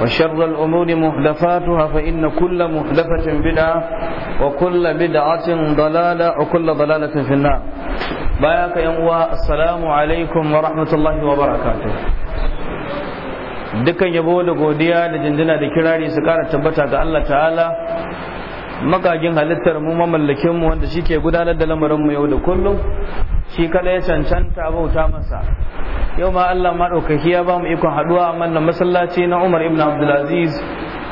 وشر الأمور محدثاتها فإن كل محدثة بدعة وكل بدعة ضلالة وكل ضلالة في النار باياك يا السلام عليكم ورحمة الله وبركاته dukkan yabo da godiya da jinjina da kirari su kara tabbata ga Allah ta'ala magagin halittar mu mamallakin mu wanda ke gudanar da lamarin mu yau da kullum shi kada ya cancanta bauta masa yau ma Allah maɗaukaki ya ba mu ikon haɗuwa a mallan masallaci na Umar ibn Abdulaziz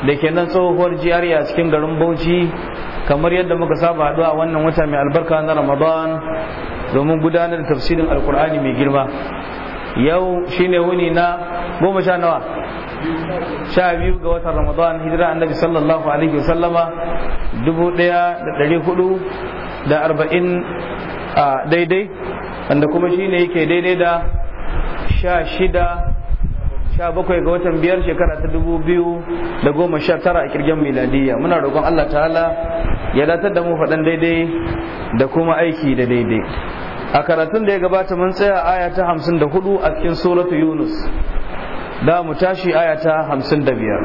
da ke nan tsohuwar a cikin garin Bauchi kamar yadda muka saba haɗuwa wannan wata mai albarka na Ramadan domin gudanar da tafsirin Alkur'ani mai girma yau shine wuni na goma sha nawa sha biyu ga watan Ramadan hijira annabi sallallahu alaihi wasallama dubu ɗaya da ɗari hudu da arba'in daidai wanda kuma shi ne yake daidai da sha shida sha bakwai ga watan biyar shekara ta dubu biyu da goma sha tara a kirgin miladiyya muna roƙon Allah ta'ala ya datar da mu faɗan daidai da kuma aiki da daidai a karatun da ya gabata mun tsaya aya ta hamsin da hudu a cikin suratu yunus da mu tashi aya ta hamsin da biyar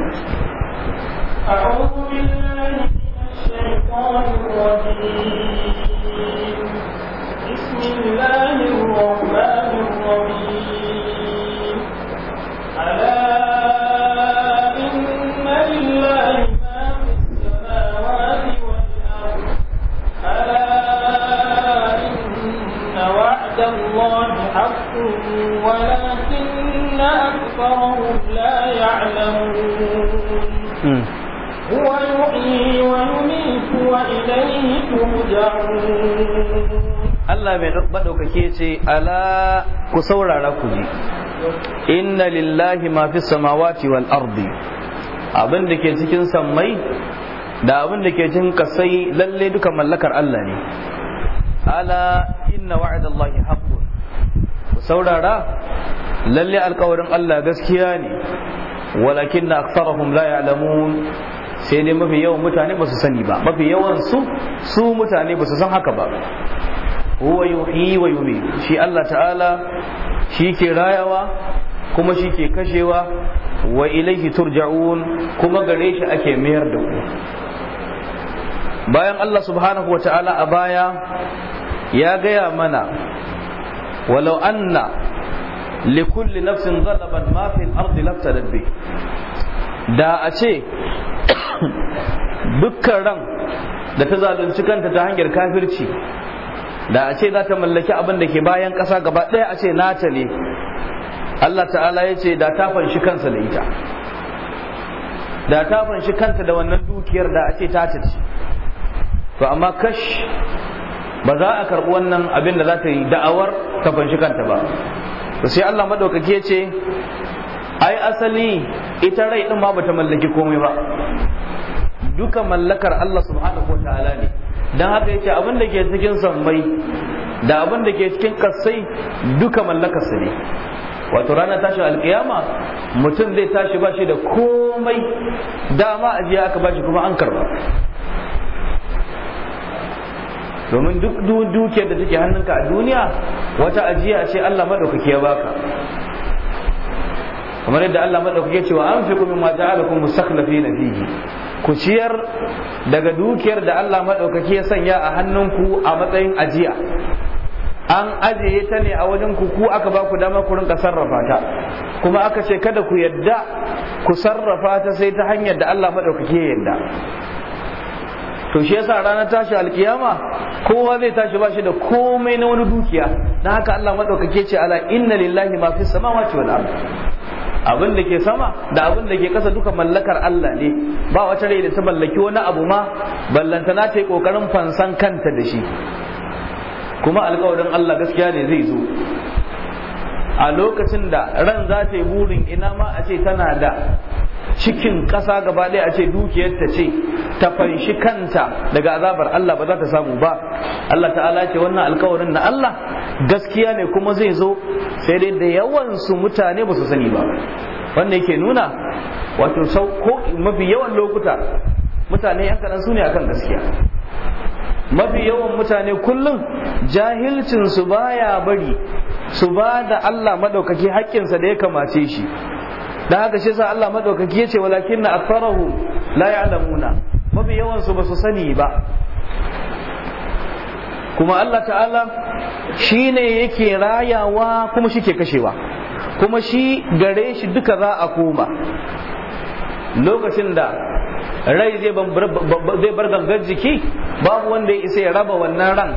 أعوذ بالله من الشيطان الرجيم بسم الله الرحمن الرحيم ألا إن لله ما في السماوات والأرض ألا إن وعد الله حق ولكن أكثرهم لا يعلمون هو يحيي ويميت وإليه ترجعون Allah mai maɗaukake ce ala ku saurara ku ji inna lillahi ma fi samawati wal ardi abin da ke cikin sammai da abin da ke cikin kasai lalle duka mallakar Allah ne ala inna wa'adallahi haqqun ku saurara lalle alkawarin Allah gaskiya ne walakin na aksarahum la ya'lamun sai dai mafi yawan mutane ba su sani ba mafi yawan su su mutane ba su san haka ba huwa yuhyi wa yumi shi Allah ta'ala shi ke rayawa kuma shi ke kashewa wa ilaihi turja'un kuma gare shi ake mayar da ku bayan Allah subhanahu wa ta'ala a baya ya gaya mana walau anna likulli nafsin zalaban ma fil ardi bi da a ce dukkan ran da ta zalunci kanta ta hanyar kafirci da a ce za ta mallaki abin da ke bayan ƙasa gaba ɗaya a ce nata ne Allah ta'ala ya ce da ta fanshi kansa da ita da ta fanshi kanta da wannan dukiyar da a ce ta ce to amma kash ba za a karɓi wannan abin da za ta yi da'awar ta fanshi kanta ba to sai Allah madaukaki ya ce ai asali ita rai ɗin ma ba ta mallaki komai ba duka mallakar Allah subhanahu ta'ala ne don haka yace abin da ke cikin sammai da abin da ke cikin kasai duka mallaka su ne wato ranar tashin alkiyama mutum zai tashi ba shi da komai dama ajiya aka bashi kuma an karba domin duk dukiyar da take hannunka a duniya wata ajiya ce Allah maɗaukaki ya baka kamar yadda Allah maɗaukaki ya ce wa anfiqu mimma ja'alakum mustakhlifina fihi ku ciyar daga dukiyar da Allah maɗaukaki ya sanya a hannunku a matsayin ajiya an ajiye ta ne a wajen ku ku aka ba ku dama ku rinka sarrafa ta kuma aka ce kada ku yadda ku sarrafa ta sai ta hanyar da Allah maɗaukaki ya yadda to shi yasa ranar tashi alkiyama kowa zai tashi bashi da komai na wani dukiya dan haka Allah madaukake ce ala inna lillahi ma fi samawati wal ard abin da ke sama da abin da ke kasa duka mallakar Allah ne ba wata rai da ta mallaki wani abu ma ballantana ta yi kokarin fansan kanta da shi kuma alkawarin Allah gaskiya ne zai zo a lokacin da ran za ta yi burin ina ma a ce tana da cikin ƙasa gaba ɗaya a ce dukiyar ta ce ta fanshi kanta daga azabar Allah ba za ta samu ba Allah ta'ala ce wannan alkawarin na Allah gaskiya ne kuma zai zo sai dai da yawan su mutane ba su sani ba wannan yake nuna wato ko mafi yawan lokuta mutane yan kaɗan su ne akan gaskiya mafi yawan mutane kullum jahilcin su baya bari su ba da Allah maɗaukaki haƙƙinsa da ya kamace shi da haka shi sa Allah maɗaukaki ya ce walakin na la ya'lamuna mafi yawansu ba su sani ba kuma Allah ta'ala shi ne yake rayawa kuma shi ke kashewa kuma shi gare shi duka za a koma lokacin da rai zai bar gangar jiki babu wanda ya isa ya raba wannan ran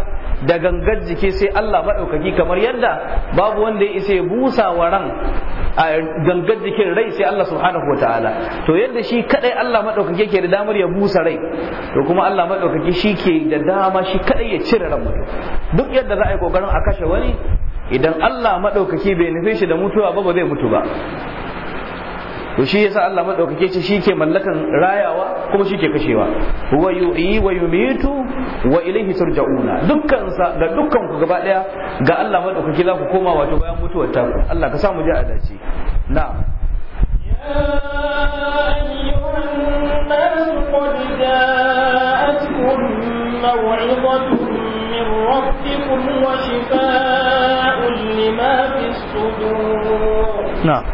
da gangar jiki sai Allah maɗaukaki kamar yadda babu wanda ya isa ya busa wa ran a gangar jikin rai sai Allah subhanahu wa ta'ala to yadda shi kadai Allah maɗaukaki ke da damar ya busa rai to kuma Allah maɗaukaki shi ke da dama shi kadai ya cire ran mutum duk yadda za a yi kokarin a kashe wani idan Allah maɗaukaki bai nufe shi da mutuwa ba ba zai mutu ba to shi yasa Allah madaukake ce shi ke mallakan rayawa kuma shi ke kashewa wa yu'yi wa yumitu wa ilaihi turja'una dukkan sa da dukkan ku gaba daya ga Allah madaukake za ku koma wato bayan mutuwar ta Allah ka sa mu ji a dace na'am من ربكم وشفاء لما في الصدور نعم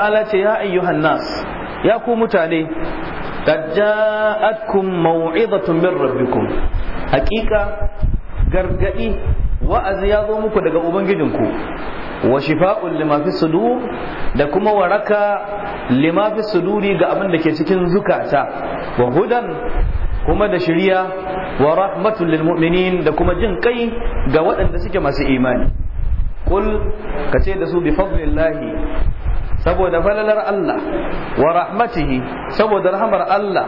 ta'ala ce ya ayyuhan nas ya ku mutane qad ja'atkum maw'izatun min rabbikum haqiqa gargadi wa'azi ya zo muku daga ubangijinku wa shifa'un lima fi sudur da kuma waraka lima fi suduri ga abin da ke cikin zukata wa hudan kuma da shiriya wa rahmatun lil mu'minin da kuma jin kai ga waɗanda suke masu imani kul ka ce da su bi fadlillahi saboda falalar Allah wa rahmatihi saboda rahmar Allah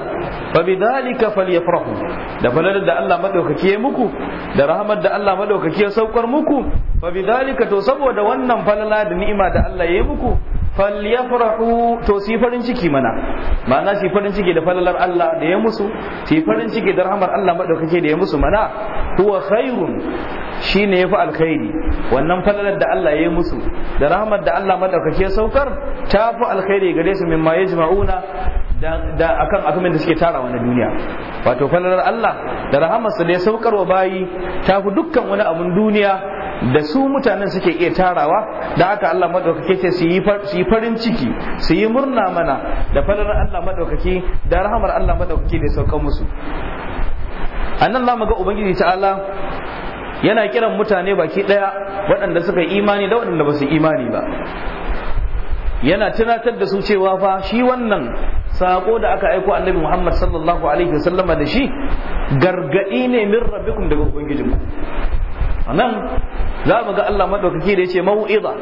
fa bidhalika falyafrahu da falalar da Allah madaukaki ya muku da rahmar da Allah madaukaki ya saukar muku fa bidhalika to saboda wannan falala da ni'ima da Allah ya yi muku falyafrahu to su farin ciki mana ma'ana su farin ciki da falalar Allah da ya musu su farin ciki da rahmar Allah madaukake da ya musu mana huwa khairun shine yafi alkhairi wannan falalar da Allah ya yi musu da rahmar da Allah madaukake saukar tafi fi alkhairi gare su mimma yajma'una da akan abin da suke tarawa na duniya wato falalar Allah da sa da ya saukar wa bayi tafi dukkan wani abun duniya da su mutanen suke iya tarawa da haka Allah madaukake ce su yi farin ciki su yi murna mana da falalar Allah madaukake da rahamar Allah madaukake da ya saukar musu annan za mu ga ubangiji ta'ala yana kiran mutane baki ɗaya waɗanda suka yi imani da waɗanda ba su imani ba yana tunatar da su cewa fa shi wannan sako da aka aiko annabi Muhammad sallallahu alaihi wasallama da shi gargadi ne min rabbikum daga ubangijin ku anan za mu ga Allah maɗaukaki da ya ce mau'iza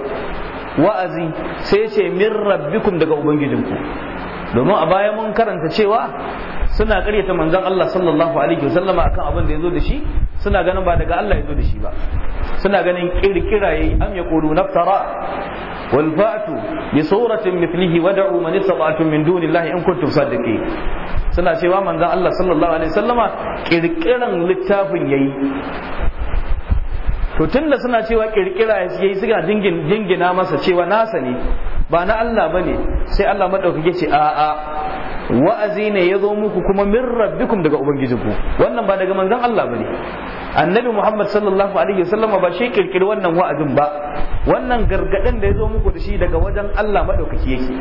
wa'azi sai ce min rabbikum daga ubangijin ku. domin a baya mun karanta cewa suna karyata manzon Allah sallallahu alaihi wasallama akan abin da yazo da shi suna ganin ba daga Allah yazo da shi ba suna ganin kirkira yayi am yaqulu naftara wal fa'tu bi suratin mithlihi wad'u man istata'tum min dunillahi in kuntum sadiqin suna cewa manzon Allah sallallahu alaihi wasallama kirkiran littafin yayi to tunda suna cewa kirkira ya yi suka dingina masa cewa nasa ne ba na Allah bane sai Allah madaukake ce a a wa'azi ne ya zo muku kuma min rabbikum daga ubangijinku wannan ba daga manzon Allah bane annabi Muhammad sallallahu alaihi wasallam ba shi kirkiri wannan wa'azin ba wannan gargadin da ya zo muku da shi daga wajen Allah madaukake yake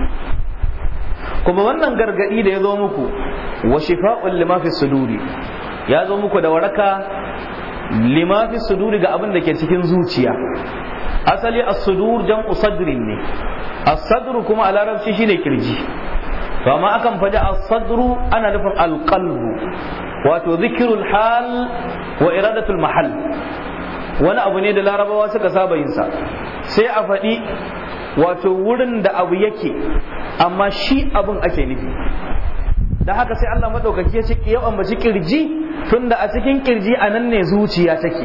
kuma wannan gargadi da ya zo muku wa shifa'un lima fi suduri ya zo muku da waraka Limafi suduri ga abin da ke cikin zuciya asali a sudur jam'u sadrin ne a sadru kuma a larabci shine kirji to amma akan faɗi a sadru ana nufin al wato zikrul hal wa iradatul mahal wani abu ne da larabawa suka saba yin sa sai a faɗi wato wurin da abu yake amma shi abin ake nufi da haka sai Allah madaukaki ya ce kirji yawan da kirji tunda a cikin kirji anan ne zuciya take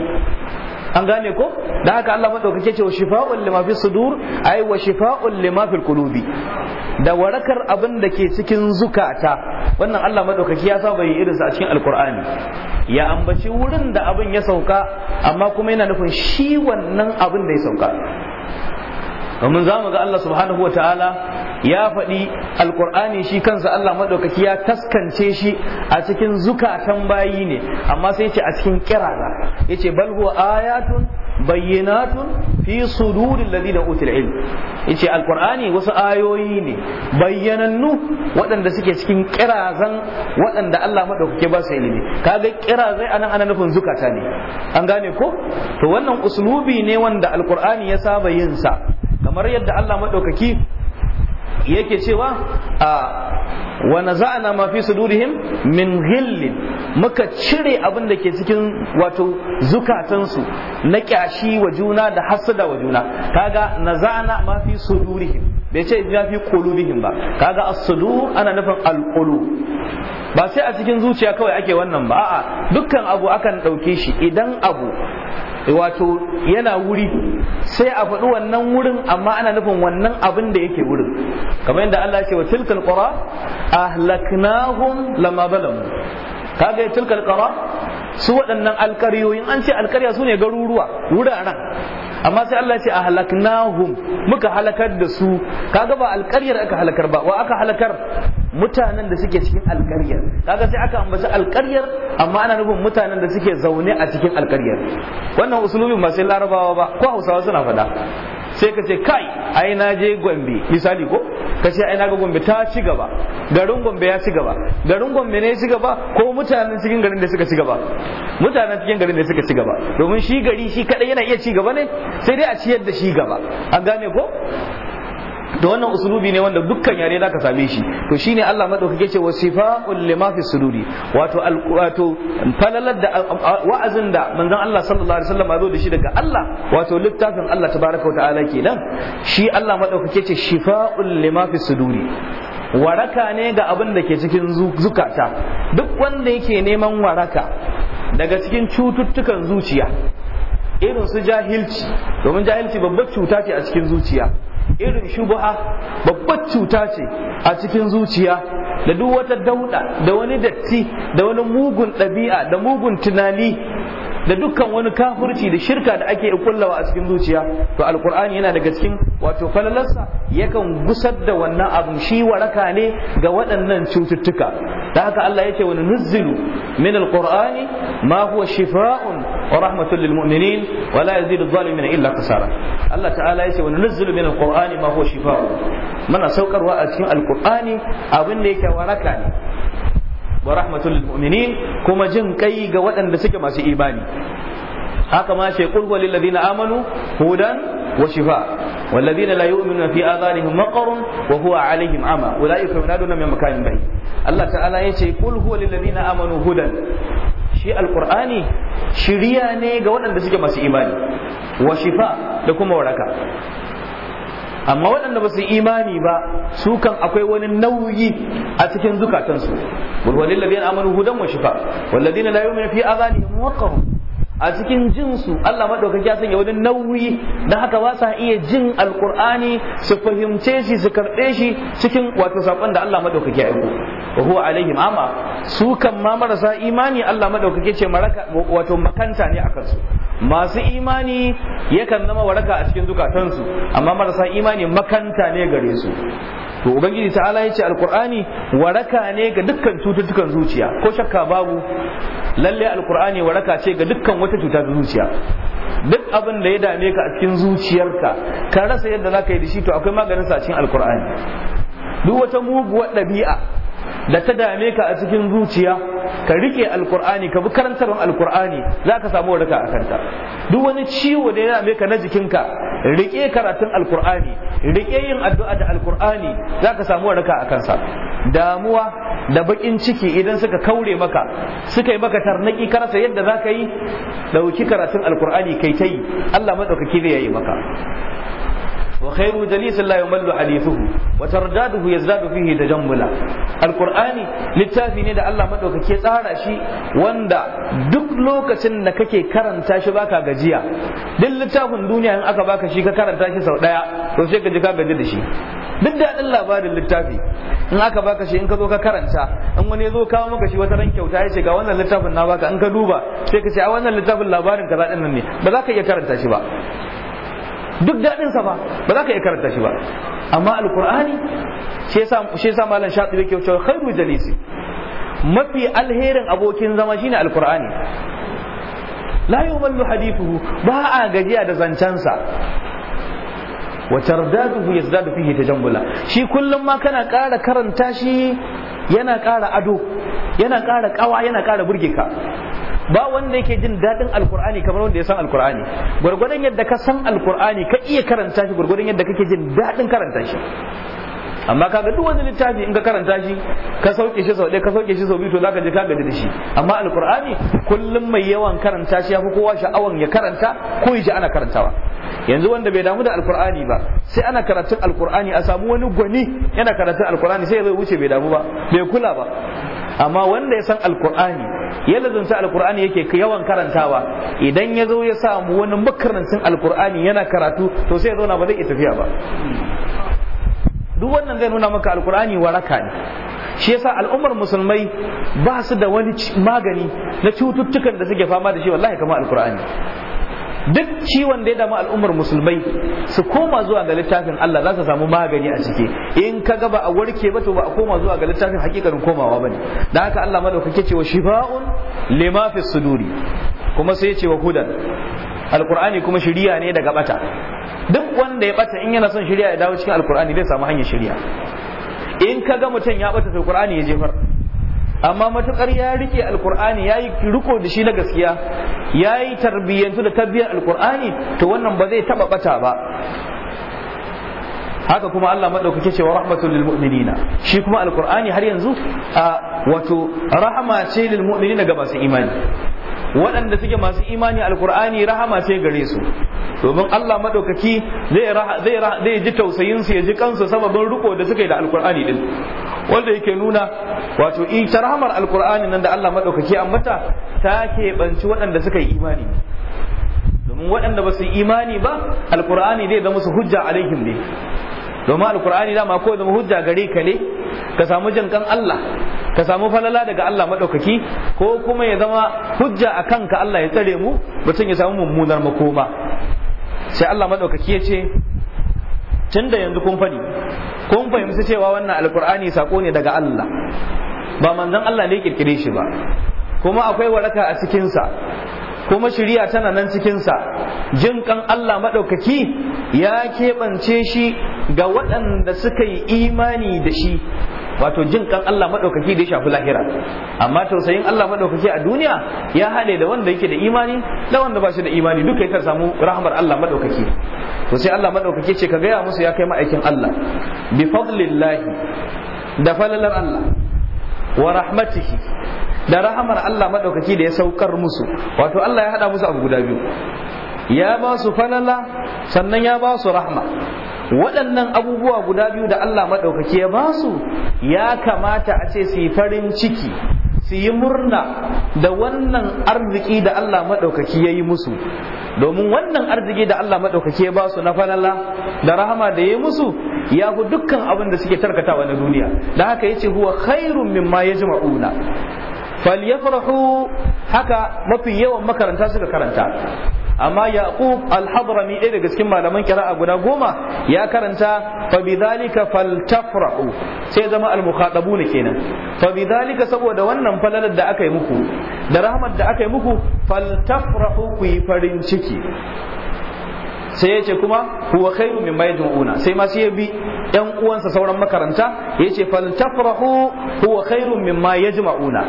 an gane ko da haka Allah madaukake ce wa shifa'un lima fi sudur ai wa shifa'un lima fil qulubi da warakar abin da ke cikin zukata wannan Allah madaukake ya saba yi irin sa a cikin alqur'ani ya ambaci wurin da abin ya sauka amma kuma yana nufin shi wannan abin da ya sauka domin za mu ga Allah subhanahu wa ta'ala ya faɗi alƙur'ani shi kansa Allah maɗaukaki ya taskance shi a cikin zukatan bayi ne amma sai ce a cikin kirara ya ce bal huwa ayatun bayyinatun fi sudurin ladina utul ilm ya ce alkur'ani wasu ayoyi ne bayyanannu waɗanda suke cikin kirazan waɗanda Allah maɗaukaki ba su ilimi kaga kirazai anan ana nufin zukata ne an gane ko to wannan uslubi ne wanda alkur'ani ya saba yin sa kamar yadda Allah maɗaukaki yake cewa a wa naza'ana ma fi sudurihim min ghillin muka cire abin da ke cikin wato zukatansu na kyashi wa juna da hasada wa juna kaga naza'ana ma fi sudurihim bai ce ya fi bihin ba kaga asudu ana nufin alkulu ba sai a cikin zuciya kawai ake wannan ba a'a dukkan abu akan dauke shi idan abu wato yana wuri sai a faɗi wannan wurin amma ana nufin wannan abin da yake wurin kamar yadda Allah ya ce wa tilkal qura ahlaknahum lamma zalamu kaga tilkal qura su waɗannan alkaryoyin an ce alkarya su ne garuruwa wuraren amma sai Allah ce a halaknahum muka halakar da su kaga ba alkaryar aka halakar ba wa aka halakar mutanen da suke cikin alkaryar kaga sai aka ambaci alkaryar amma ana nufin mutanen da suke zaune a cikin alkaryar wannan usulubin masu sai larabawa ba ko hausawa suna faɗa sai ka ce kai ai na je gombe misali ko ka ce ai na ga gombe ta ci gaba garin gombe ya ci gaba garin gombe ne ya ci gaba ko mutanen cikin garin da suka ci gaba mutanen cikin garin da suka ci gaba domin shi gari shi kadai yana iya ci gaba ne sai dai a ciyar da shi gaba an gane ko da wannan usulubi ne wanda dukkan yare zaka same shi to shine Allah madaukake ce wasifaul lima fi suduri wato wato falalar da wa'azin da manzon Allah sallallahu alaihi wasallam zo da shi daga Allah wato littafin Allah tabaraka wa ta'ala kenan shi Allah madaukake ce shifaul lima fi suduri waraka ne ga abin da ke cikin zukata duk wanda yake neman waraka daga cikin cututtukan zuciya irin su jahilci domin jahilci babbar cuta ce a cikin zuciya irin shubuha babbar cuta ce a cikin zuciya da duk wata dauda da wani datti da wani mugun ɗabi'a da mugun tunani da dukkan wani kafirci da shirka da ake kullawa a cikin zuciya to alqur'ani yana daga cikin wato falalarsa yakan gusar da wannan abu shi waraka ne ga waɗannan cututtuka da haka Allah yake wani nuzzilu min alqur'ani ma huwa shifa'un wa rahmatul lil mu'minin wa la yazidu adh illa khasara Allah ta'ala yace wani nuzzilu min alqur'ani ma huwa shifaa'un muna saukarwa a cikin alqur'ani abin da yake waraka ne wa rahmatul mu'minin kuma jin kai ga waɗanda suke masu imani haka ma shi qul walil ladina amanu hudan wa shifa wal ladina la yu'minuna fi adhanihim maqarun wa huwa alaihim ama ulaika yunaduna min makanin ba'id Allah ta'ala ya ce huwa lil ladina amanu hudan shi alqur'ani shiriya ne ga waɗanda suke masu imani wa shifa da kuma waraka amma waɗanda ba su imani ba su kan akwai wani nauyi a cikin zukatansu wal ladina amanu hudan wa shifa wal ladina la yu'minu fi adhanihim waqar a cikin jinsu Allah maɗaukaki ya sanya wani nauyi da haka ba sa iya jin alkur'ani su fahimce shi su karɓe shi cikin wato saƙon da Allah maɗaukaki ya yi ko? huwa alaihim ama su kan ma marasa imani Allah maɗaukaki ce maraka wato makanta ne akan su masu imani yakan zama waraka a cikin zukatansu amma marasa imani makanta ne gare su to ubangiji ta'ala ya ce alkur'ani waraka ne ga dukkan cututtukan zuciya ko shakka babu lalle alkur'ani waraka ce ga dukkan wata cuta ta zuciya duk abin da ya dame ka a cikin zuciyarka ka rasa yadda za ka yi da shi to akwai maganin sa cikin alkur'ani duk wata muguwar ɗabi'a da ta dame ka a cikin zuciya ka rike alkur'ani ka bi karantarwar alkur'ani za ka samu waraka a kanta duk wani ciwo da ya dame ka na jikinka rike karatun alkur'ani rike yin addu'a da alkur'ani za ka samu waraka a kansa damuwa da bakin ciki idan suka kaure maka suka yi maka tarnaki karasa yadda za ka yi dauki karatun alkur'ani kai ta yi Allah maɗaukaki zai yi maka وخير جليس لا يمل حديثه وترداده يزداد فيه تجملا القرآن littafi ne da Allah كي tsara shi wanda duk lokacin da kake karanta shi baka gajiya duk littafin duniya in aka baka shi ka karanta shi sau daya to sai ka gaji da shi duk labarin littafi in aka baka shi in ka zo ka karanta in wani ya zo kawo maka shi wata ran kyauta ya ce ga wannan littafin na baka in ka duba sai ka ce a wannan littafin labarin kaza ne ba za ka iya karanta shi ba duk daɗinsa ba ba za ka iya karanta shi ba amma alkur'ani shi yasa malam shafi yake cewa khairu jalisi mafi alherin abokin zama shine alkur'ani la yumallu hadithuhu ba a gajiya da zancensa wa tardaduhu yazdadu fihi tajammula shi kullum ma kana ƙara karanta shi yana ƙara ado yana ƙara ƙawa yana ƙara burge ka ba wanda yake jin daɗin alkur'ani kamar wanda ya san alkur'ani gwargwadon yadda ka san alkur'ani ka iya karanta shi gwargwadon yadda kake jin daɗin karanta shi amma kaga duk wani littafi in ka karanta shi ka sauke shi sau ɗaya ka sauke shi sau biyu to zaka je ka gaji da shi amma alkur'ani kullum mai yawan karanta shi yafi kowa sha'awan ya karanta ko ya ji ana karantawa yanzu wanda bai damu da alkur'ani ba sai ana karatun alkur'ani a samu wani gwani yana karatun alkur'ani sai ya wuce bai damu ba bai kula ba amma wanda ya san alkur'ani ya lazunta alkur'ani yake yawan karantawa idan ya zo ya samu wani makarantun alkur'ani yana karatu to sai ya zauna ba zai iya tafiya ba duk wannan zai nuna maka alkur'ani waraka ne shi yasa al'ummar musulmai ba su da wani magani na cututtukan da suke fama da shi wallahi kamar alkur'ani duk ciwon da ya damu al'ummar musulmai su koma zuwa ga littafin Allah za su samu magani a ciki in ka ga ba a warke ba to ba a koma zuwa ga littafin hakikarin komawa bane da haka Allah madaukake ke cewa shifa'un lima fi suduri kuma sai ya ce wa hudan alqur'ani kuma shiriya ne daga bata duk wanda ya bata in yana son shiriya ya dawo cikin alqur'ani zai samu hanyar shiriya in kaga ga mutum ya bata to qur'ani ya jefar amma matukar ya rike alkur'ani ya yi riko da shi na gaskiya ya yi tarbiyyantu da tarbiyyar alkur'ani to wannan ba zai taba bata ba haka kuma Allah madaukake cewa rahmatul lil mu'minina shi kuma alkur'ani har yanzu a wato rahama ce lil mu'minina ga masu imani waɗanda suke masu imani alkur'ani rahama ce gare su domin Allah madaukaki zai ji tausayin su ya ji kansu sababin riko da suka yi da alkur'ani din wanda yake nuna wato ita rahamar alkur'ani nan da Allah madaukaki ambata ta keɓanci waɗanda suka yi imani domin waɗanda ba su yi imani ba alkur'ani zai zama su hujja alaihim ne domin alkur'ani dama ko zama hujja gare ka ne ka samu jin kan Allah ka samu falala daga Allah madaukaki ko kuma ya zama hujja a kanka Allah ya tsare mu mutum ya samu mummunar makoma sai Allah madaukaki ya ce tun da yanzu kun fadi kun fahimci cewa wannan alkur'ani sako ne daga Allah ba manzon Allah ne kirkire shi ba kuma akwai waraka a cikinsa kuma shiriya tana nan cikinsa jin kan Allah maɗaukaki ya keɓance shi ga waɗanda suka yi imani da shi wato jin kan Allah maɗaukaki da ya shafi lahira amma tausayin Allah maɗaukaki a duniya ya haɗe da wanda yake da imani da wanda ba shi da imani duka yakan samu rahmar Allah maɗaukaki to sai Allah maɗaukaki ce ka gaya musu ya kai ma'aikin Allah bi fadlillahi da falalar Allah wa rahmatihi da rahamar Allah madaukaki da ya saukar musu wato Allah ya hada musu abu guda biyu ya ba su falala sannan ya ba su rahma waɗannan abubuwa guda biyu da Allah maɗaukaki ya ba su ya kamata a ce su yi farin ciki su yi murna da wannan arziki da Allah maɗaukaki ya yi musu domin wannan arziki da Allah maɗaukaki ya ba su na falala da rahama da ya yi musu ya fi dukkan abin da suke tarkatawa na duniya da haka ya ce huwa khairun mimma ya jima'una falyafrahu haka mafi yawan makaranta suka karanta amma Yakubu al ɗaya daga cikin malaman kira'a guda goma ya karanta fa bidhalika faltafrahu sai zama al-mukhatabu ne kenan fa bidhalika saboda wannan falalar da aka yi da rahmat da aka yi muku faltafrahu ku yi farin ciki sai ya ce kuma huwa khairu mimma yajmu'una sai ma sai ya bi yan uwansa sauran makaranta ya ce fal tafrahu huwa khairu ma yajma'una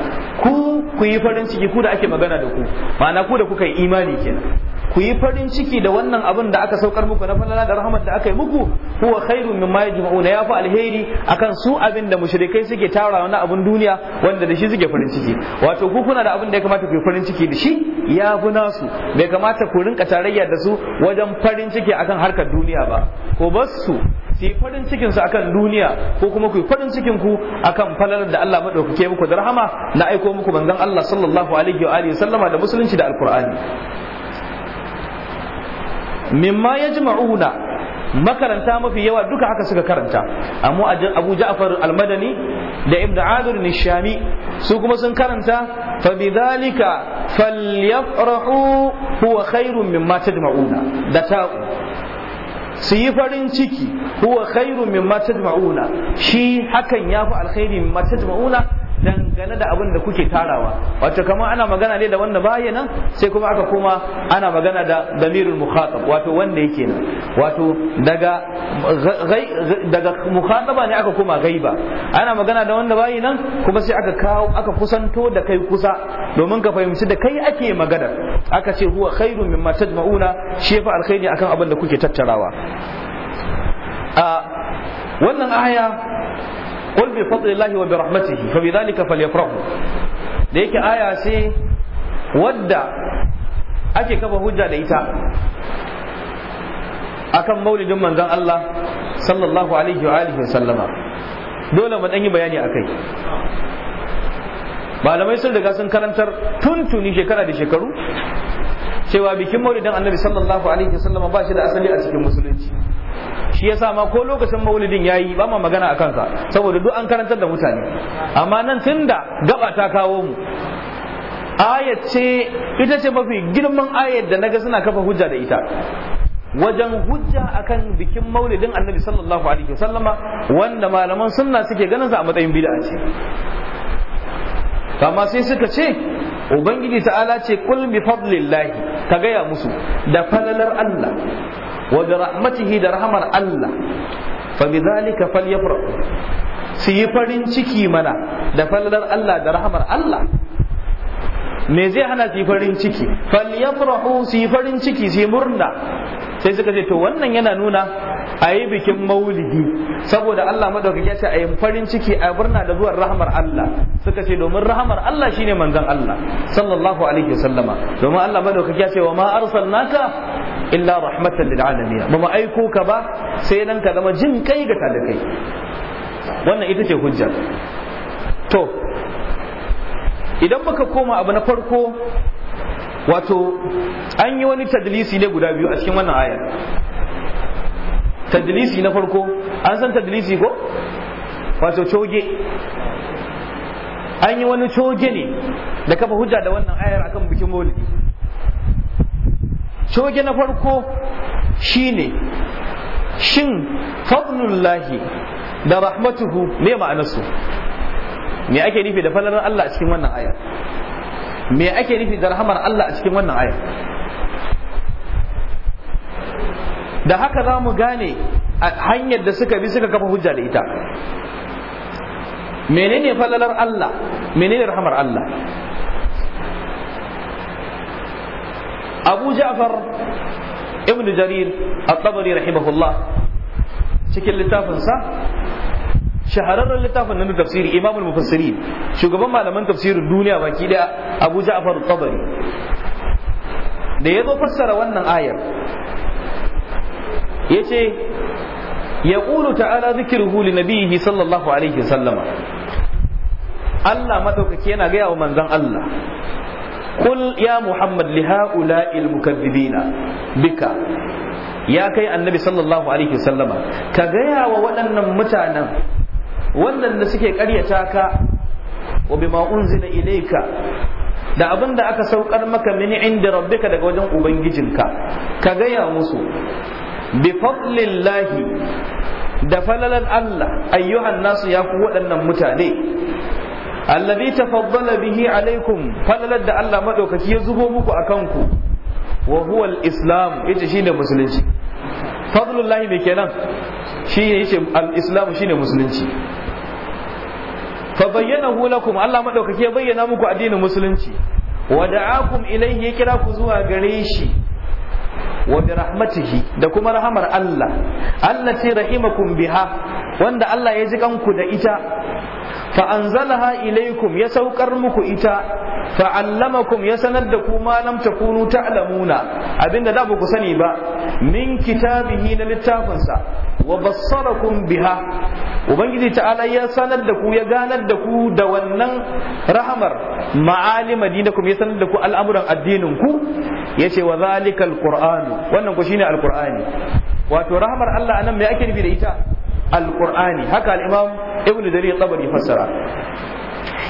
ku ku yi farin ciki ku da ake magana da ku ma'ana ku da kuka yi imani kenan ku yi farin ciki da wannan abin da aka saukar muku na falala da rahmat da aka yi muku huwa khairu mimma yajma'una yafi alheri akan su abin da mushrikai suke tara na abin duniya wanda da shi suke farin ciki wato ku kuna da abin da ya kamata ku yi farin ciki da shi ya fi nasu bai kamata ku rinka tarayya da su wajen farin ciki akan harkar duniya ba ko basu su yi farin cikin su akan duniya ko kuma ku yi farin cikin ku akan falalar da Allah madaukake muku da rahama na aiko muku manzon Allah sallallahu alaihi wa alihi sallama da musulunci da alqur'ani mimma yajma'una makaranta mafi yawa duka haka suka karanta amma Abu Ja'far al-Madani da Ibn Adur Nishami su kuma sun karanta fa bidhalika falyafrahu huwa khairun mimma tajma'una da ta su yi farin ciki huwa khairun mimma tajma'una shi hakan yafi alkhairi mimma tajma'una dangane da abin da kuke tarawa wato kamar ana magana ne da wanda baya nan sai kuma aka kuma ana magana da damirul mukhatab wato wanda yake nan wato daga daga mukhataba ne aka kuma gaiba ana magana da wanda baya nan kuma sai aka kawo aka kusanto da kai kusa domin ka fahimci da kai ake magana aka ce huwa khairun mimma tajma'una shi fa alkhairi akan abin da kuke tattarawa a wannan aya qul bi fadlillahi wa bi rahmatihi fa bidhalika falyafrahu da yake aya ce wadda ake kafa hujja da ita akan maulidin manzon Allah sallallahu alaihi wa alihi sallama dole mu dan yi bayani akai malamai sun riga sun karantar tuntuni shekara da shekaru cewa bikin maulidin annabi sallallahu alaihi wa sallama ba shi da asali a cikin musulunci shi yasa ma ko lokacin maulidin yayi ba ma magana a kansa saboda duk an karantar da mutane amma nan tunda gaba ta kawo mu ayat ce ita ce mafi girman ayat da naga suna kafa hujja da ita wajen hujja akan bikin maulidin annabi sallallahu alaihi wasallama wanda malaman sunna suke ganin sa a matsayin bid'a ce Kama sai suka ce ubangiji ta'ala ce kul bi fadlillahi ka gaya musu da falalar Allah wa bi da rahmar Allah fa bi dhalika falyafrahu su yi farin ciki mana da falalar Allah da rahmar Allah me zai hana su farin ciki falyafrahu su farin ciki su murna sai suka ce to wannan yana nuna a yi bikin maulidi saboda Allah madaukaki ya ce a yi farin ciki a murna da zuwan rahmar Allah suka ce domin rahmar Allah shine manzon Allah sallallahu alaihi wasallama domin Allah madaukaki ya ce wa ma arsalnaka illa rahmatan lil alamin ba mu aiko ka ba sai dan ka zama jin kai ga talakai wannan ita ce hujja to idan muka koma abu na farko wato an yi wani tadlisi ne guda biyu a cikin wannan ayar tadlisi na farko an san tadlisi ko wato coge an yi wani coge ne da kafa hujja da wannan ayar akan bikin maulidi coge na farko shine shin fadlullahi da rahmatuhu ne ma'anarsu me ake nufi da falalar Allah a cikin wannan aya me ake nufi da rahamar Allah a cikin wannan aya da haka za mu gane hanyar da suka bi suka kafa hujja da ita menene falalar Allah menene rahamar Allah Abu Ja'far ibn Jarir at-Tabari rahimahullah cikin littafinsa shahararren littafin nan tafsiri imamul mufassiri shugaban malaman tafsirin duniya baki daya abu ja'far tabari da ya zo fassara wannan ayar ya ce ya ƙulu ta'ala zikiruhu li nabihi sallallahu alaihi sallama Allah madaukaki yana gaya wa manzon Allah kul ya Muhammad li ha'ula'il mukaddibina bika ya kai annabi sallallahu alaihi sallama ka gaya wa waɗannan mutanen wannan da suke karyata ka wa bima unzila ilayka da abin da aka saukar maka min inda rabbika daga wajen ubangijinka ka gaya musu bi fadlillahi da falalan Allah ayyuhan nasu ya ku waɗannan mutane alladhi tafaddala bihi alaikum falalan da Allah madaukaki ya zubo muku akan ku wa huwa al-islam yace shine musulunci fadlullahi me kenan shi ne yace al-islamu shine musulunci fa bayyanahu lakum Allah madaukaki ya bayyana muku addinin musulunci wa da'akum ilayhi ya kira ku zuwa gare shi wa bi rahmatihi da kuma rahamar Allah allati rahimakum biha wanda Allah ya ji kanku da ita fa anzalaha ilaykum ya saukar muku ita fa allamakum ya sanar da ku ma lam takunu ta'lamuna abinda da ba ku sani ba min kitabihi na littafinsa wa bassarakum biha ubangiji ta'ala ya sanar da ku ya ganar da ku da wannan rahamar ma'alima dinakum ya sanar da ku al'amuran addinin ku yace wa zalikal qur'anu wannan ku shine alqur'ani wato rahamar Allah anan me ake nufi da ita alqur'ani haka al-imam ibnu jarir tabari fassara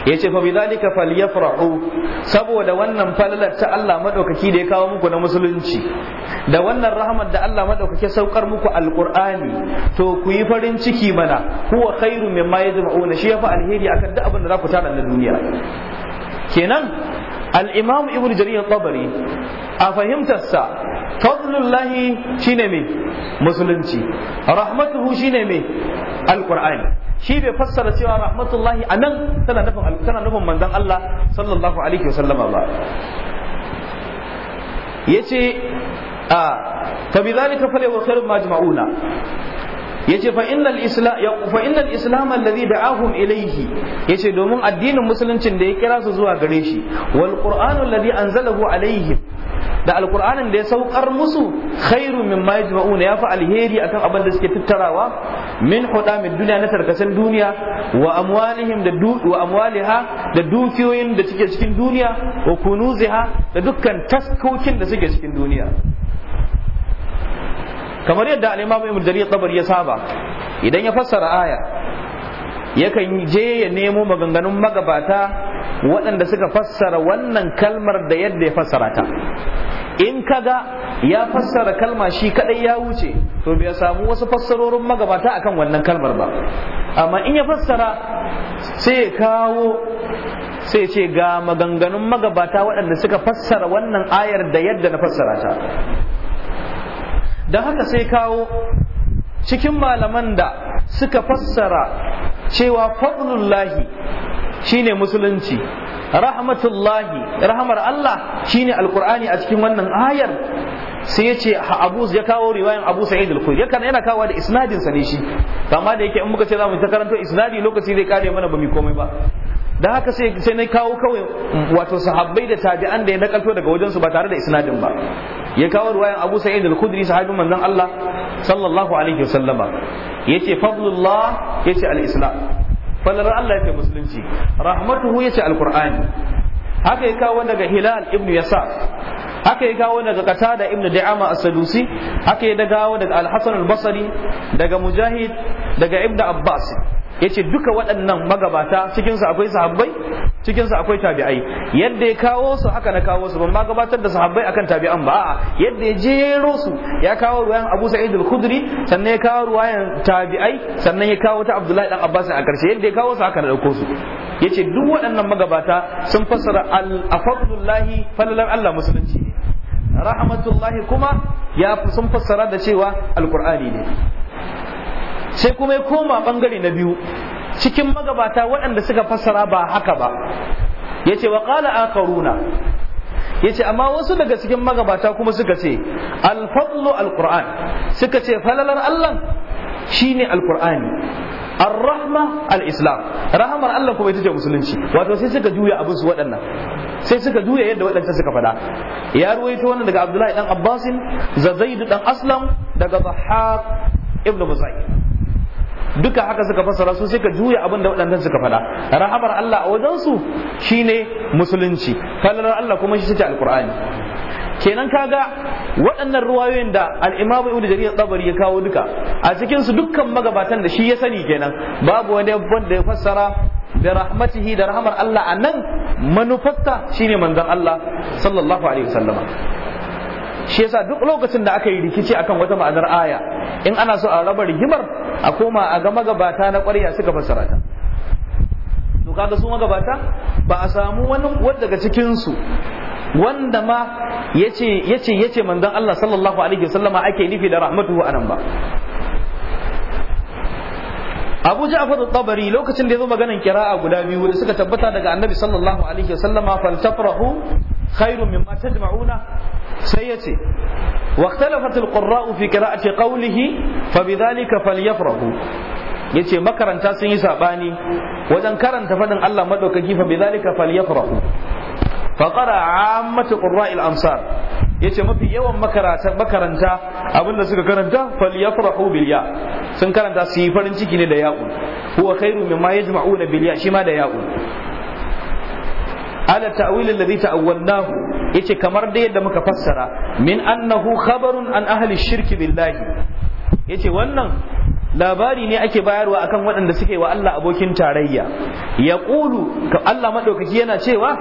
yace fa bidhalika falyafrahu saboda wannan falalar ta Allah madaukaki da ya kawo muku na musulunci da wannan rahmar da Allah madaukaki saukar muku alqur'ani to ku yi farin ciki mana huwa khairu mimma yajma'una shi yafi alheri akan duk abin da za ku tada na duniya kenan al-imam ibn jarir tabari a fahimtarsa fadlullahi shine me musulunci rahmatuhu shine me alqur'ani shi bai fassara cewa rahmatullahi a nan tana nufin tana nufin manzon Allah sallallahu alaihi wasallama ba yace a fa bidhalika fala wa khairun majma'una yace fa innal islam fa innal islam alladhi da'ahum ilayhi yace domin addinin musuluncin da ya kira su zuwa gare shi wal qur'anu alladhi anzalahu alaihim da alkur'anin da ya saukar musu khairu mimma yajma'una ya fa alheri akan abin da suke tattarawa min hudamid duniya na tarkacen duniya wa amwalihim da wa amwaliha da dukiyoyin da suke cikin duniya wa kunuziha da dukkan taskokin da suke cikin duniya kamar yadda al-imam ibn jarir tabari ya saba idan ya fassara aya yakan je ya nemo maganganun magabata waɗanda suka fassara wannan kalmar da yadda ya fassara ta in kaga ya fassara kalma shi kadai ya wuce to bai samu wasu fassarorin magabata akan wannan kalmar ba amma in ya fassara sai ya kawo sai ce ga maganganun magabata waɗanda suka fassara wannan ayar da yadda na fassara ta don haka sai kawo cikin malaman da suka fassara cewa fadlullahi shine musulunci rahmatullahi rahmar Allah shine alqur'ani a cikin wannan ayar sai yace Abu ya kawo riwayan Abu Sa'id al-Khudri yakan yana kawo da isnadin sa ne shi kama da yake in muka ce za mu ta karanto isnadi lokaci zai kare mana ba mu komai ba da haka sai na kawo kawai mm, wato sahabbai da tabi'an da ya nakalto daga wajen su ba tare da isnadin ba ya kawo ruwayan Abu Sa'id al-Khudri sahabin manzon Allah sallallahu alaihi wasallama yace fadlullah yace al-islam fadlar Allah yace musulunci rahmatuhu yace al-Qur'ani haka ya kawo daga Hilal ibn Yasa haka ya kawo daga Qatada ibn Da'ama as-Sadusi haka ya dawo daga Al-Hasan al-Basri daga Mujahid daga Ibn Abbas yace duka waɗannan magabata cikinsu akwai sahabbai cikinsu akwai tabi'ai yadda ya kawo su haka na kawo su ban ma gabatar da sahabbai akan tabi'an ba a'a yadda ya jero su ya kawo ruwayan Abu Sa'id al-Khudri sannan ya kawo ruwayan tabi'ai sannan ya kawo ta Abdullahi dan Abbas a karshe yadda ya kawo su haka na dauko su yace duk waɗannan magabata sun fassara al-afadlullahi falalar Allah musulunci rahmatullahi kuma ya sun fassara da cewa alqur'ani ne sai kuma ya koma bangare na biyu cikin magabata waɗanda suka fassara ba haka ba yace wa qala akaruna yace amma wasu daga cikin magabata kuma suka ce al-fadlu suka ce falalar Allah shine al-qur'ani ar-rahma al-islam rahamar Allah kuma ita ce musulunci wato sai suka juya abin su waɗannan sai suka juya yadda waɗanda suka faɗa ya ruwaito wannan daga Abdullahi dan Abbasin da dan Aslam daga Dhahhak ibn Musayyib duka haka suka fassara su suka ka juya abin da waɗannan suka faɗa rahamar Allah a wajen su shine musulunci kallar Allah kuma shi ce alqur'ani kenan kaga waɗannan ruwayoyin da al-Imam Ibn Jarir Tabari ya kawo duka a cikin su dukkan magabatan da shi ya sani kenan babu wani wanda ya fassara da rahmatihi da rahamar Allah a nan manufarta shine manzon Allah sallallahu alaihi wasallama shi yasa duk lokacin da aka yi rikici akan wata ma'anar aya in ana so a raba rigimar a koma a ga magabata na ƙwarya suka fassara ta to kaga su magabata ba a samu wani wanda daga cikin su wanda ma yace yace yace manzon Allah sallallahu alaihi wasallama ake nufi da rahmatuhu anan ba Abu Ja'far al-Tabari lokacin da ya yazo maganan kira'a guda biyu da suka tabbata daga Annabi sallallahu alaihi wasallama fal tafrahu khairun mimma tajma'una sai yace واختلفت القراء في قراءة قوله فبذلك فليفرحوا yace makaranta sun yi sabani wajen karanta fadin Allah madaukaki fa bidhalika falyafrahu fa qara ammatu qurra'il amsar yace mafi yawan makaranta makaranta abinda suka karanta falyafrahu bil ya sun karanta su yi farin ciki ne da ya'u huwa khairu mimma yajma'una bil ya shi ma da ya'u ala ta'wil alladhi ta'awwalnahu yace kamar da yadda muka fassara min annahu khabarun an ahli shirki billahi yace wannan labari ne ake bayarwa akan waɗanda suke wa Allah abokin tarayya ya ƙulu Allah maɗaukaki yana cewa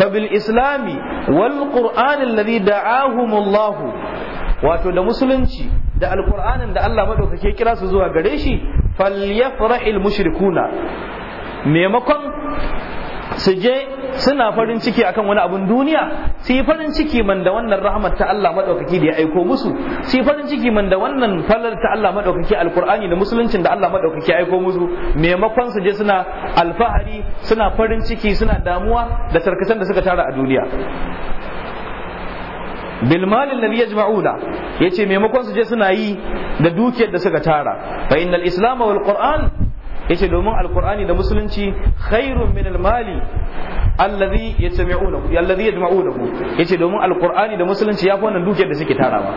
fa bil islami wal qur'anin ladhi da'ahumullahu wato da musulunci da alqur'anin da Allah maɗaukaki kira su zuwa gare shi falyafrahil mushrikuna maimakon su je suna farin ciki akan wani abun duniya su yi farin ciki man da wannan rahmat ta Allah madaukaki da ya aiko musu su yi farin ciki man da wannan falar ta Allah madaukaki alqur'ani da musuluncin da Allah madaukaki ya aiko musu maimakon su je suna alfahari suna farin ciki suna damuwa da tarkacen da suka tara a duniya بالمال الذي ya ce maimakon su je suna yi da dukiyar da suka tara fa innal islam wal qur'an yace domin alkur'ani da musulunci khairun min allazi yajma'unahu allazi yajma'unahu yace domin alqur'ani da musulunci ya fi wannan dukiyar da suke tarawa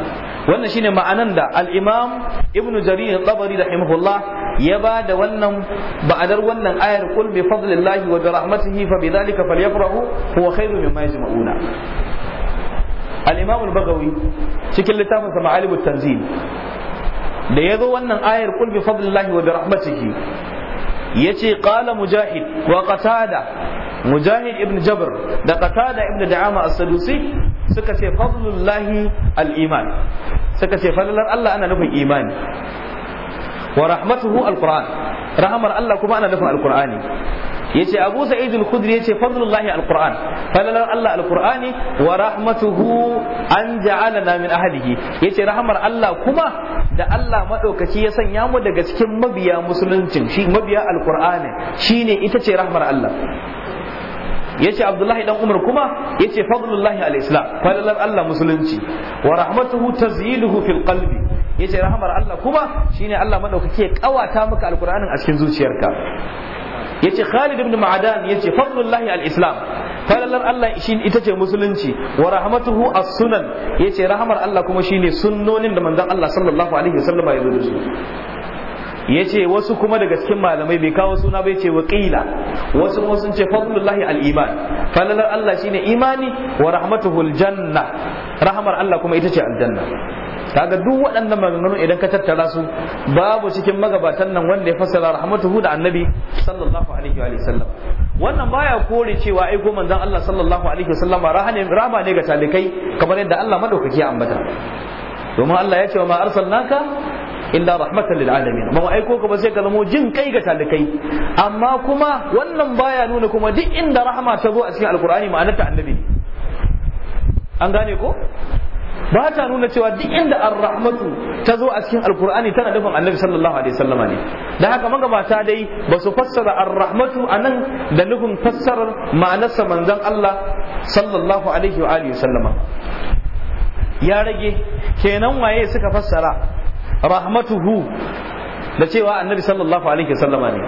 wannan shine ma'anan da al-imam ibn jarir tabari rahimahullah ya ba da wannan ba'adar wannan ayar qul bi fadlillahi wa bi rahmatihi fa bidhalika falyafrahu huwa khairu mimma yajma'una al-imam al-bagawi cikin littafin sa ma'alib tanzil da ya wannan ayar qul bi fadlillahi wa bi rahmatihi yace qala mujahid wa qatada mujahid ibn Jabir da qatada ibn da'ama as-sadusi suka ce fadlullahi al-iman suka ce fadlar Allah ana nufin imani wa rahmatuhu al-quran rahmar Allah kuma ana nufin al-qur'ani yace Abu Sa'id al-Khudri yace fadlullahi al-Qur'an fadlan Allah al-Qur'ani wa rahmatuhu an ja'alana min ahlihi yace rahmar Allah kuma da Allah madaukaki ya sanya mu daga cikin mabiya musuluncin shi mabiya al-Qur'ani shine ita ce rahmar Allah yace abdullahi dan umar kuma yace fadlullahi al islam falalar allah musulunci wa rahmatuhu tazyiluhu fil qalbi yace rahmar allah kuma shine allah madaukake ya kawata maka alqur'anin a cikin zuciyarka yace Khalid ibn Ma'adan yace fadlullahi al-islam falalar Allah shi ita ce musulunci wa rahmatuhu as-sunan yace rahmar Allah kuma shine sunnonin da manzon Allah sallallahu alaihi wasallam ya zo da su yace wasu kuma daga cikin malamai bai kawo suna bai ce waqila wasu kuma sun ce fadlullahi al-iman falalar Allah shine imani wa rahmatuhul janna rahmar Allah kuma ita ce aljanna kaga duk waɗannan maganganu idan ka tattara su babu cikin magabatan nan wanda ya fassara rahmatuhu da annabi sallallahu alaihi wa sallam wannan baya kore cewa ai ko manzon Allah sallallahu alaihi wa sallam rahma ne ga talikai kamar yadda Allah madaukaki ya ambata domin Allah ya ce wa ma arsalnaka illa rahmatan lil alamin ba mu aiko ka ba sai ka zamo jin kai ga talikai amma kuma wannan baya nuna kuma duk inda rahama ta zo a cikin alqur'ani ma'anar ta annabi an gane ko ba ta nuna cewa duk inda ar-rahmatu ta zo a cikin alkur'ani tana nufin annabi sallallahu alaihi wasallama ne da haka magabata dai ba su fassara ar-rahmatu anan da nufin fassarar ma'anarsa manzon Allah sallallahu alaihi wa alihi wasallama ya rage kenan waye suka fassara rahmatuhu da cewa annabi sallallahu alaihi wasallama ne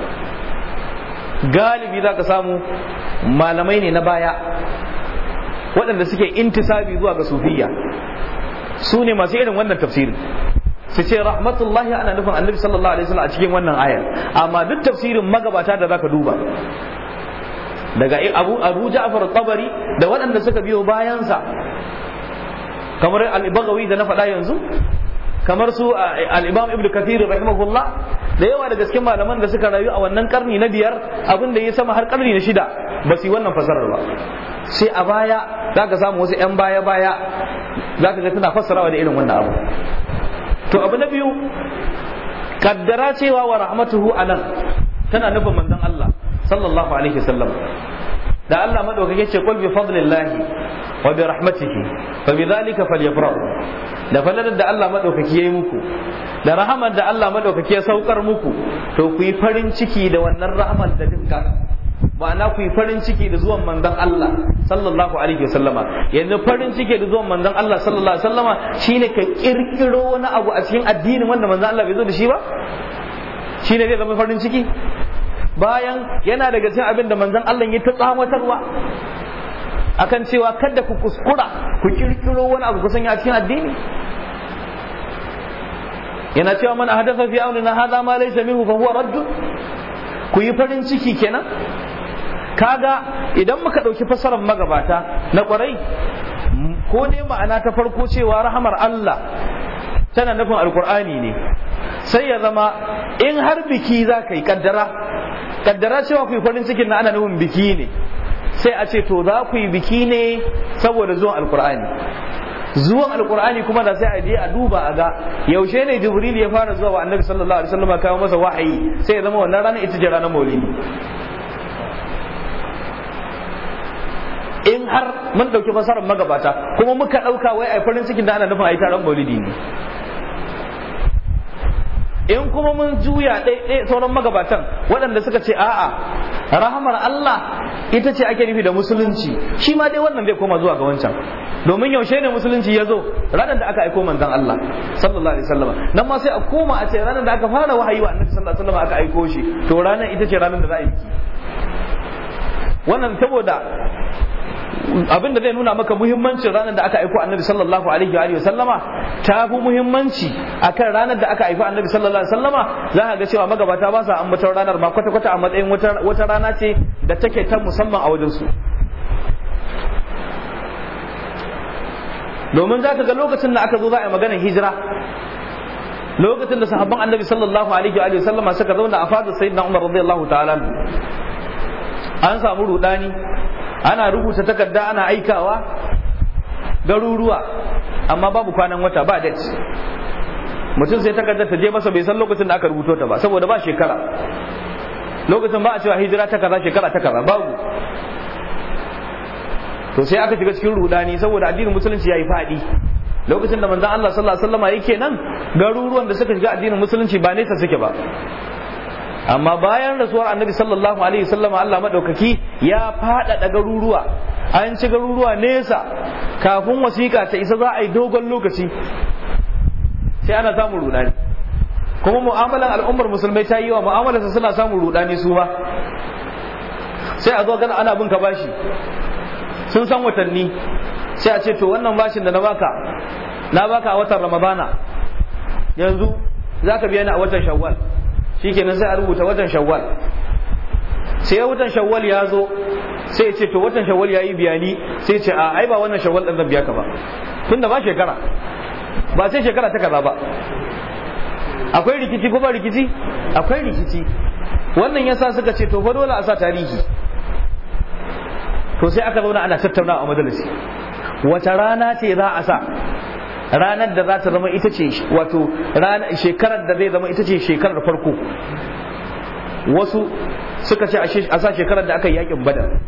galibi za ka samu malamai ne na baya waɗanda suke intisabi zuwa ga sufiya su ne masu irin wannan tafsirin su ce rahmatullahi ana nufin annabi sallallahu alaihi wasallam a cikin wannan ayar amma duk tafsirin magabata da zaka duba daga abu abu ja'far tabari da waɗanda suka biyo bayansa kamar al-bagawi da na faɗa yanzu kamar su al-Imam Ibn Kathir rahimahullah da yawa daga cikin malaman da suka rayu a wannan karni na biyar abin da ya sama har karni na shida ba su wannan fasarar ba sai a baya za ka samu wasu 'yan baya-baya za ka ga tana fassarawa da irin wannan abu to abu na biyu kaddara cewa wa rahmatuhu anan tana nufin manzon Allah sallallahu alaihi wasallam da Allah madaukake ce qul bi fadlillahi wa bi rahmatihi fa bi dhalika falyafrahu da falalar da Allah madaukake yayi muku da rahaman da Allah madaukake ya saukar muku to ku yi farin ciki da wannan rahaman da dukkan ma'ana ku yi farin ciki da zuwan manzon Allah sallallahu alaihi wasallama yanzu farin ciki da zuwan manzon Allah sallallahu alaihi wasallama shine ka kirkiro wani abu a cikin addinin wanda manzon Allah bai zo da shi ba shine zai zama farin ciki bayan yana daga cikin abin da manzon Allah ya ta tsawatarwa akan cewa kada ku kuskura ku kirkiro wani abu kusan ya cikin addini yana cewa man ahdatha fi na hadha ma laysa minhu fa huwa radd ku yi farin ciki kenan kaga idan muka dauki fasarar magabata na kwarai ko ne ma'ana ta farko cewa rahamar Allah tana nufin alkur'ani ne sai ya zama in har biki za ka yi kaddara kaddara cewa ku yi farin cikin na ana nufin biki ne sai a ce to za ku yi biki ne saboda zuwan alkur'ani zuwan alkur'ani kuma da sai a je a duba a ga yaushe ne jibril ya fara zuwa wa annabi sallallahu alaihi wasallam kawo masa wahayi sai ya zama wannan ranar ita ce ranar maulidi in har mun dauki fasarar magabata kuma muka dauka wai ai farin cikin da ana nufin ai taron maulidi ne in kuma mun juya ɗaiɗai sauran magabatan waɗanda suka ce a'a rahamar Allah ita ce ake nufi da musulunci shi ma dai wannan zai koma zuwa ga wancan domin yaushe ne musulunci ya zo ranar da aka aiko manzon Allah sallallahu alaihi wasallam nan ma sai a koma a ce ranar da aka fara wahayi wa annabi sallallahu alaihi wasallam aka aiko shi to ranar ita ce ranar da za a yi wannan saboda abin da zai nuna maka muhimmancin ranar da aka aiko annabi sallallahu alaihi wa sallama ta fi muhimmanci akan ranar da aka aiko annabi sallallahu alaihi wa sallama za ka ga cewa magabata ba sa ambatar ranar ma kwata kwata a matsayin wata rana ce da take ta musamman a wajen su domin za ka ga lokacin da aka zo za a yi maganar hijira lokacin da sahabban annabi sallallahu alaihi wa sallama suka zauna a fadar sayyidina umar radiyallahu ta'ala an samu rudani ana rubuta takarda ana aikawa garuruwa amma babu kwanan wata ba date mutum sai takarda ta je masa bai san lokacin da aka rubuto ta ba saboda ba shekara lokacin ba a cewa hijira ta kaza shekara ta kaza babu to sai aka shiga cikin rudani saboda addinin musulunci yayi fadi lokacin da manzon Allah sallallahu alaihi wasallam yake nan garuruwan da suka shiga addinin musulunci ba nesa suke ba amma bayan rasuwar annabi sallallahu alaihi wasallam Allah madaukaki ya faɗaɗa garuruwa an ci garuruwa nesa kafin wasiƙa ta isa za a yi dogon lokaci sai ana samun rudani kuma mu'amalan al'ummar musulmai ta yi wa mu'amalarsa suna samun rudani su ma sai a zo gana ana bin ka bashi sun san watanni sai a ce to wannan bashin da na baka na baka a watan ramadana yanzu za ka biya ni a watan shawwal shikenan sai a rubuta watan shawwal sai watan shawwal ya zo sai ya ce to watan shawwal ya yi biyani sai ya ce a ai ba wannan shawwal ɗan zan biya ka ba da ba shekara ba sai shekara ta kaza ba akwai rikici ko ba rikici akwai rikici wannan yasa suka ce to fa dole a sa tarihi to sai aka zauna ana tattauna a majalisi wata rana ce za a sa ranar da za ta zama ita ce wato shekarar da zai zama ita ce shekarar farko wasu suka ce a sa shekarar da aka yi yakin badar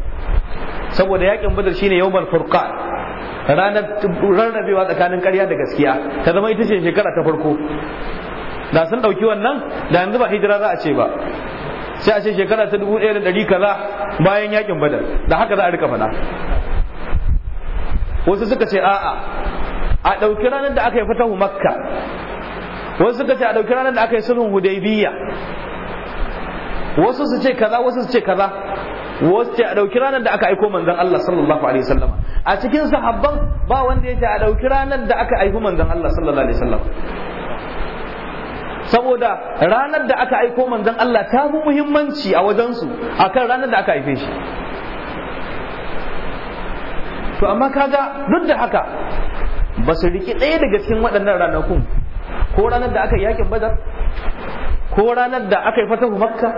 saboda yakin badar shine yawmal furqa ranar rarrabewa tsakanin ƙarya da gaskiya ta zama ita ce shekara ta farko da sun ɗauki wannan da yanzu ba hijira za a ce ba sai a ce shekara ta dubu ɗaya da ɗari kaza bayan yakin badar da haka za a rika faɗa wasu suka ce a'a a ɗauki ranar da aka yi fatahu makka wasu suka ce a ɗauki ranar da aka yi sulhun hudaybiya wasu su ce kaza wasu su ce kaza wasu ce a ɗauki ranar da aka aiko manzon Allah sallallahu alaihi wasallam a cikin sahabban ba wanda ya ce a ɗauki ranar da aka aiko manzon Allah sallallahu alaihi wasallam saboda ranar da aka aiko manzon Allah ta fi muhimmanci a wajensu akan ranar da aka haife shi to amma kaga duk da haka ba su riki ɗaya daga cikin waɗannan ranakun ko ranar da aka yi yakin badar ko ranar da aka yi fatahu makka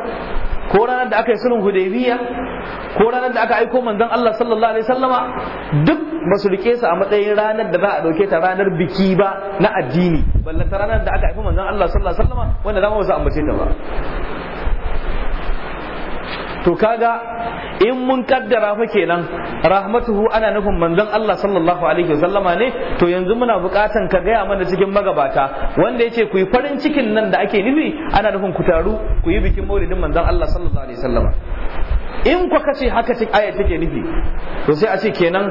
ko ranar da aka yi sunan hudaybiya ko ranar da aka aiko manzon Allah sallallahu alaihi wasallama duk ba su rike su a matsayin ranar da za a dauke ta ranar biki ba na addini ballanta ranar da aka aiko manzon Allah sallallahu alaihi wasallama wanda dama ba su ambace ta ba to kaga in mun kaddara fa kenan rahmatuhu ana nufin manzon Allah sallallahu alaihi wasallama ne to yanzu muna bukatan ka gaya mana cikin magabata wanda yace ku yi farin cikin nan da ake nufi ana nufin ku taru ku yi bikin maulidin manzon Allah sallallahu alaihi wasallama in ku kace haka ce ayar take nufi to sai a ce kenan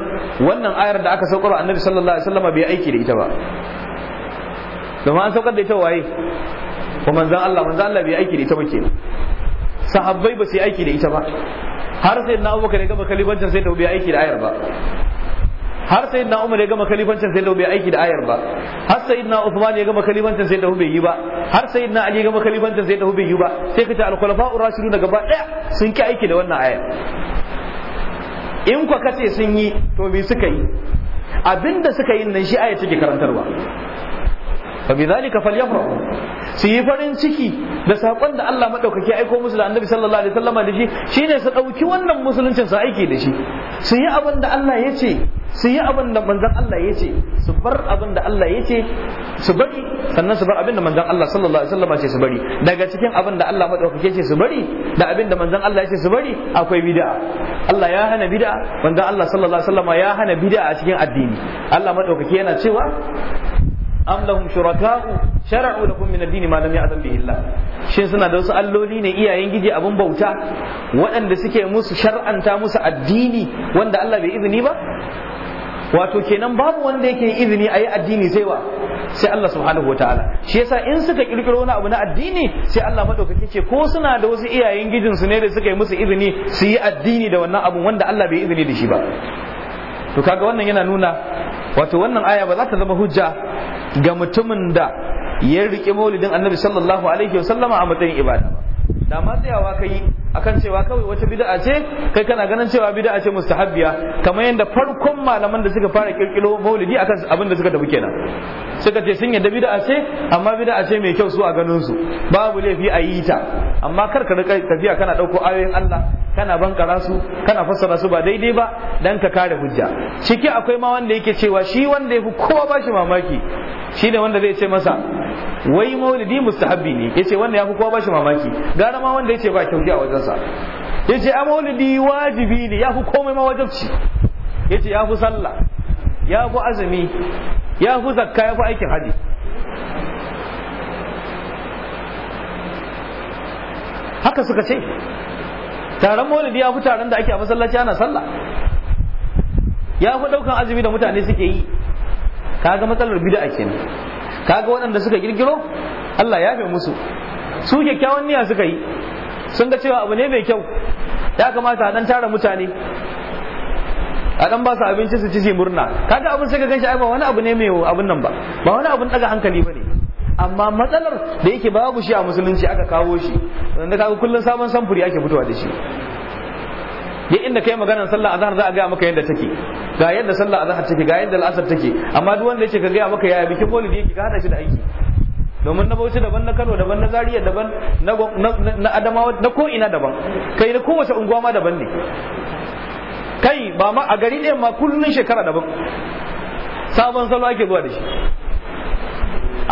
wannan ayar da aka saukar annabi sallallahu alaihi wasallama bai aiki da ita ba domin an saukar da ita waye ko manzon Allah manzon Allah bai aiki da ita ba kenan sahabbai ba su yi aiki da ita ba har sai na Umar ya gama kalifancin sai da bai aiki da ayar ba har sai na umar ya gama kalifancin sai da bai aiki da ayar ba har sai na usman ya gama kalifancin sai da bai yi ba har sai na ali ya gama kalifancin sai da bai yi ba sai kace al-khulafa'ur rashidun gaba daya sun ki aiki da wannan ayar in kwa kace sun yi to me suka yi abinda suka yi nan shi aya take karantarwa fa bidhalika falyafrahu su yi farin ciki da sakon da Allah madaukaki aiko musu da Annabi sallallahu alaihi wasallam da shi shine su dauki wannan musuluncin su aiki da shi su yi abin da Allah yace, ce su yi abin da manzon Allah yace su bar abin da Allah yace su bari sannan su bar abin da manzon Allah sallallahu alaihi wasallam ce su bari daga cikin abin da Allah madaukaki ce su bari da abin da manzon Allah yace su bari akwai bid'a Allah ya hana bid'a manzon Allah sallallahu alaihi wasallam ya hana bid'a a cikin addini Allah madaukaki yana cewa am lahum shuraka'u shara'u lakum min ad-din ma lam ya'zan bihi Allah shin suna da wasu alloli ne iyayen giji abun bauta waɗanda suke musu shar'anta musu addini wanda Allah bai izini ba wato kenan babu wanda yake izini a yi addini sai wa sai Allah subhanahu wa shi yasa in suka kirkiro wani abu na addini sai Allah madaukaki ce ko suna da wasu iyayen gijinsu ne da suka yi musu izini su yi addini da wannan abun wanda Allah bai izini da shi ba to kaga wannan yana nuna wato wannan aya ba za ta zama hujja ga mutumin da ya riƙe maulidin annabi sallallahu alaihi wasallama a matsayin ibada ba da ma tsayawa kai akan cewa kawai wata bid'a ce kai kana ganin cewa bid'a ce mustahabbiya kamar yadda farkon malaman da suka fara kirkiro maulidi akan abin da suka tafi kenan suka ce sun yadda bid'a ce amma bid'a ce mai kyau su a ganin su babu laifi a yi ta amma kar ka rika tafiya kana dauko ayoyin Allah kana bankara su kana fassara su ba daidai ba dan ka kare hujja ciki akwai ma wanda yake cewa shi wanda yafi kowa ba shi mamaki shi ne wanda zai ce masa wai maulidi mustahabbi ne yace wanda yafi kowa ba mamaki gara ma wanda yace ba a wajen Yace ya a maulidi wajibi ne ya fi komai ma wajibci yace ya fi sallah ya fi azumi ya fi zakka ya fi aikin haji haka suka ce taron maulidi ya fi taron da ake a masallaci ana sallah ya fi ɗaukan azumi da mutane suke yi kaga matsalar bid'a kenan kaga waɗanda suka girgiro Allah ya fi musu su kyakkyawan niyya suka yi sun ga cewa abu ne mai kyau ya kamata a dan tara mutane a dan ba su abinci su ci su murna kaga abin sai ka ganshi ai ba wani abu ne mai abun nan ba ba wani abun daga hankali bane amma matsalar da yake babu shi a musulunci aka kawo shi wanda kaga kullun sabon samfuri ake fitowa da shi ne inda kai maganar sallah azhar za a gaya maka yadda take ga yadda sallah azhar take ga yadda al'asar take amma duk wanda yake ka gaya maka yaya bikin maulidi yake ka hada shi da aiki domin na Bauchi daban na Kano daban na Zaria daban na Adamawa na ko ina daban kai na kowace unguwa ma daban ne kai ba ma a gari ɗaya ma kullun shekara daban sabon salo ake zuwa da shi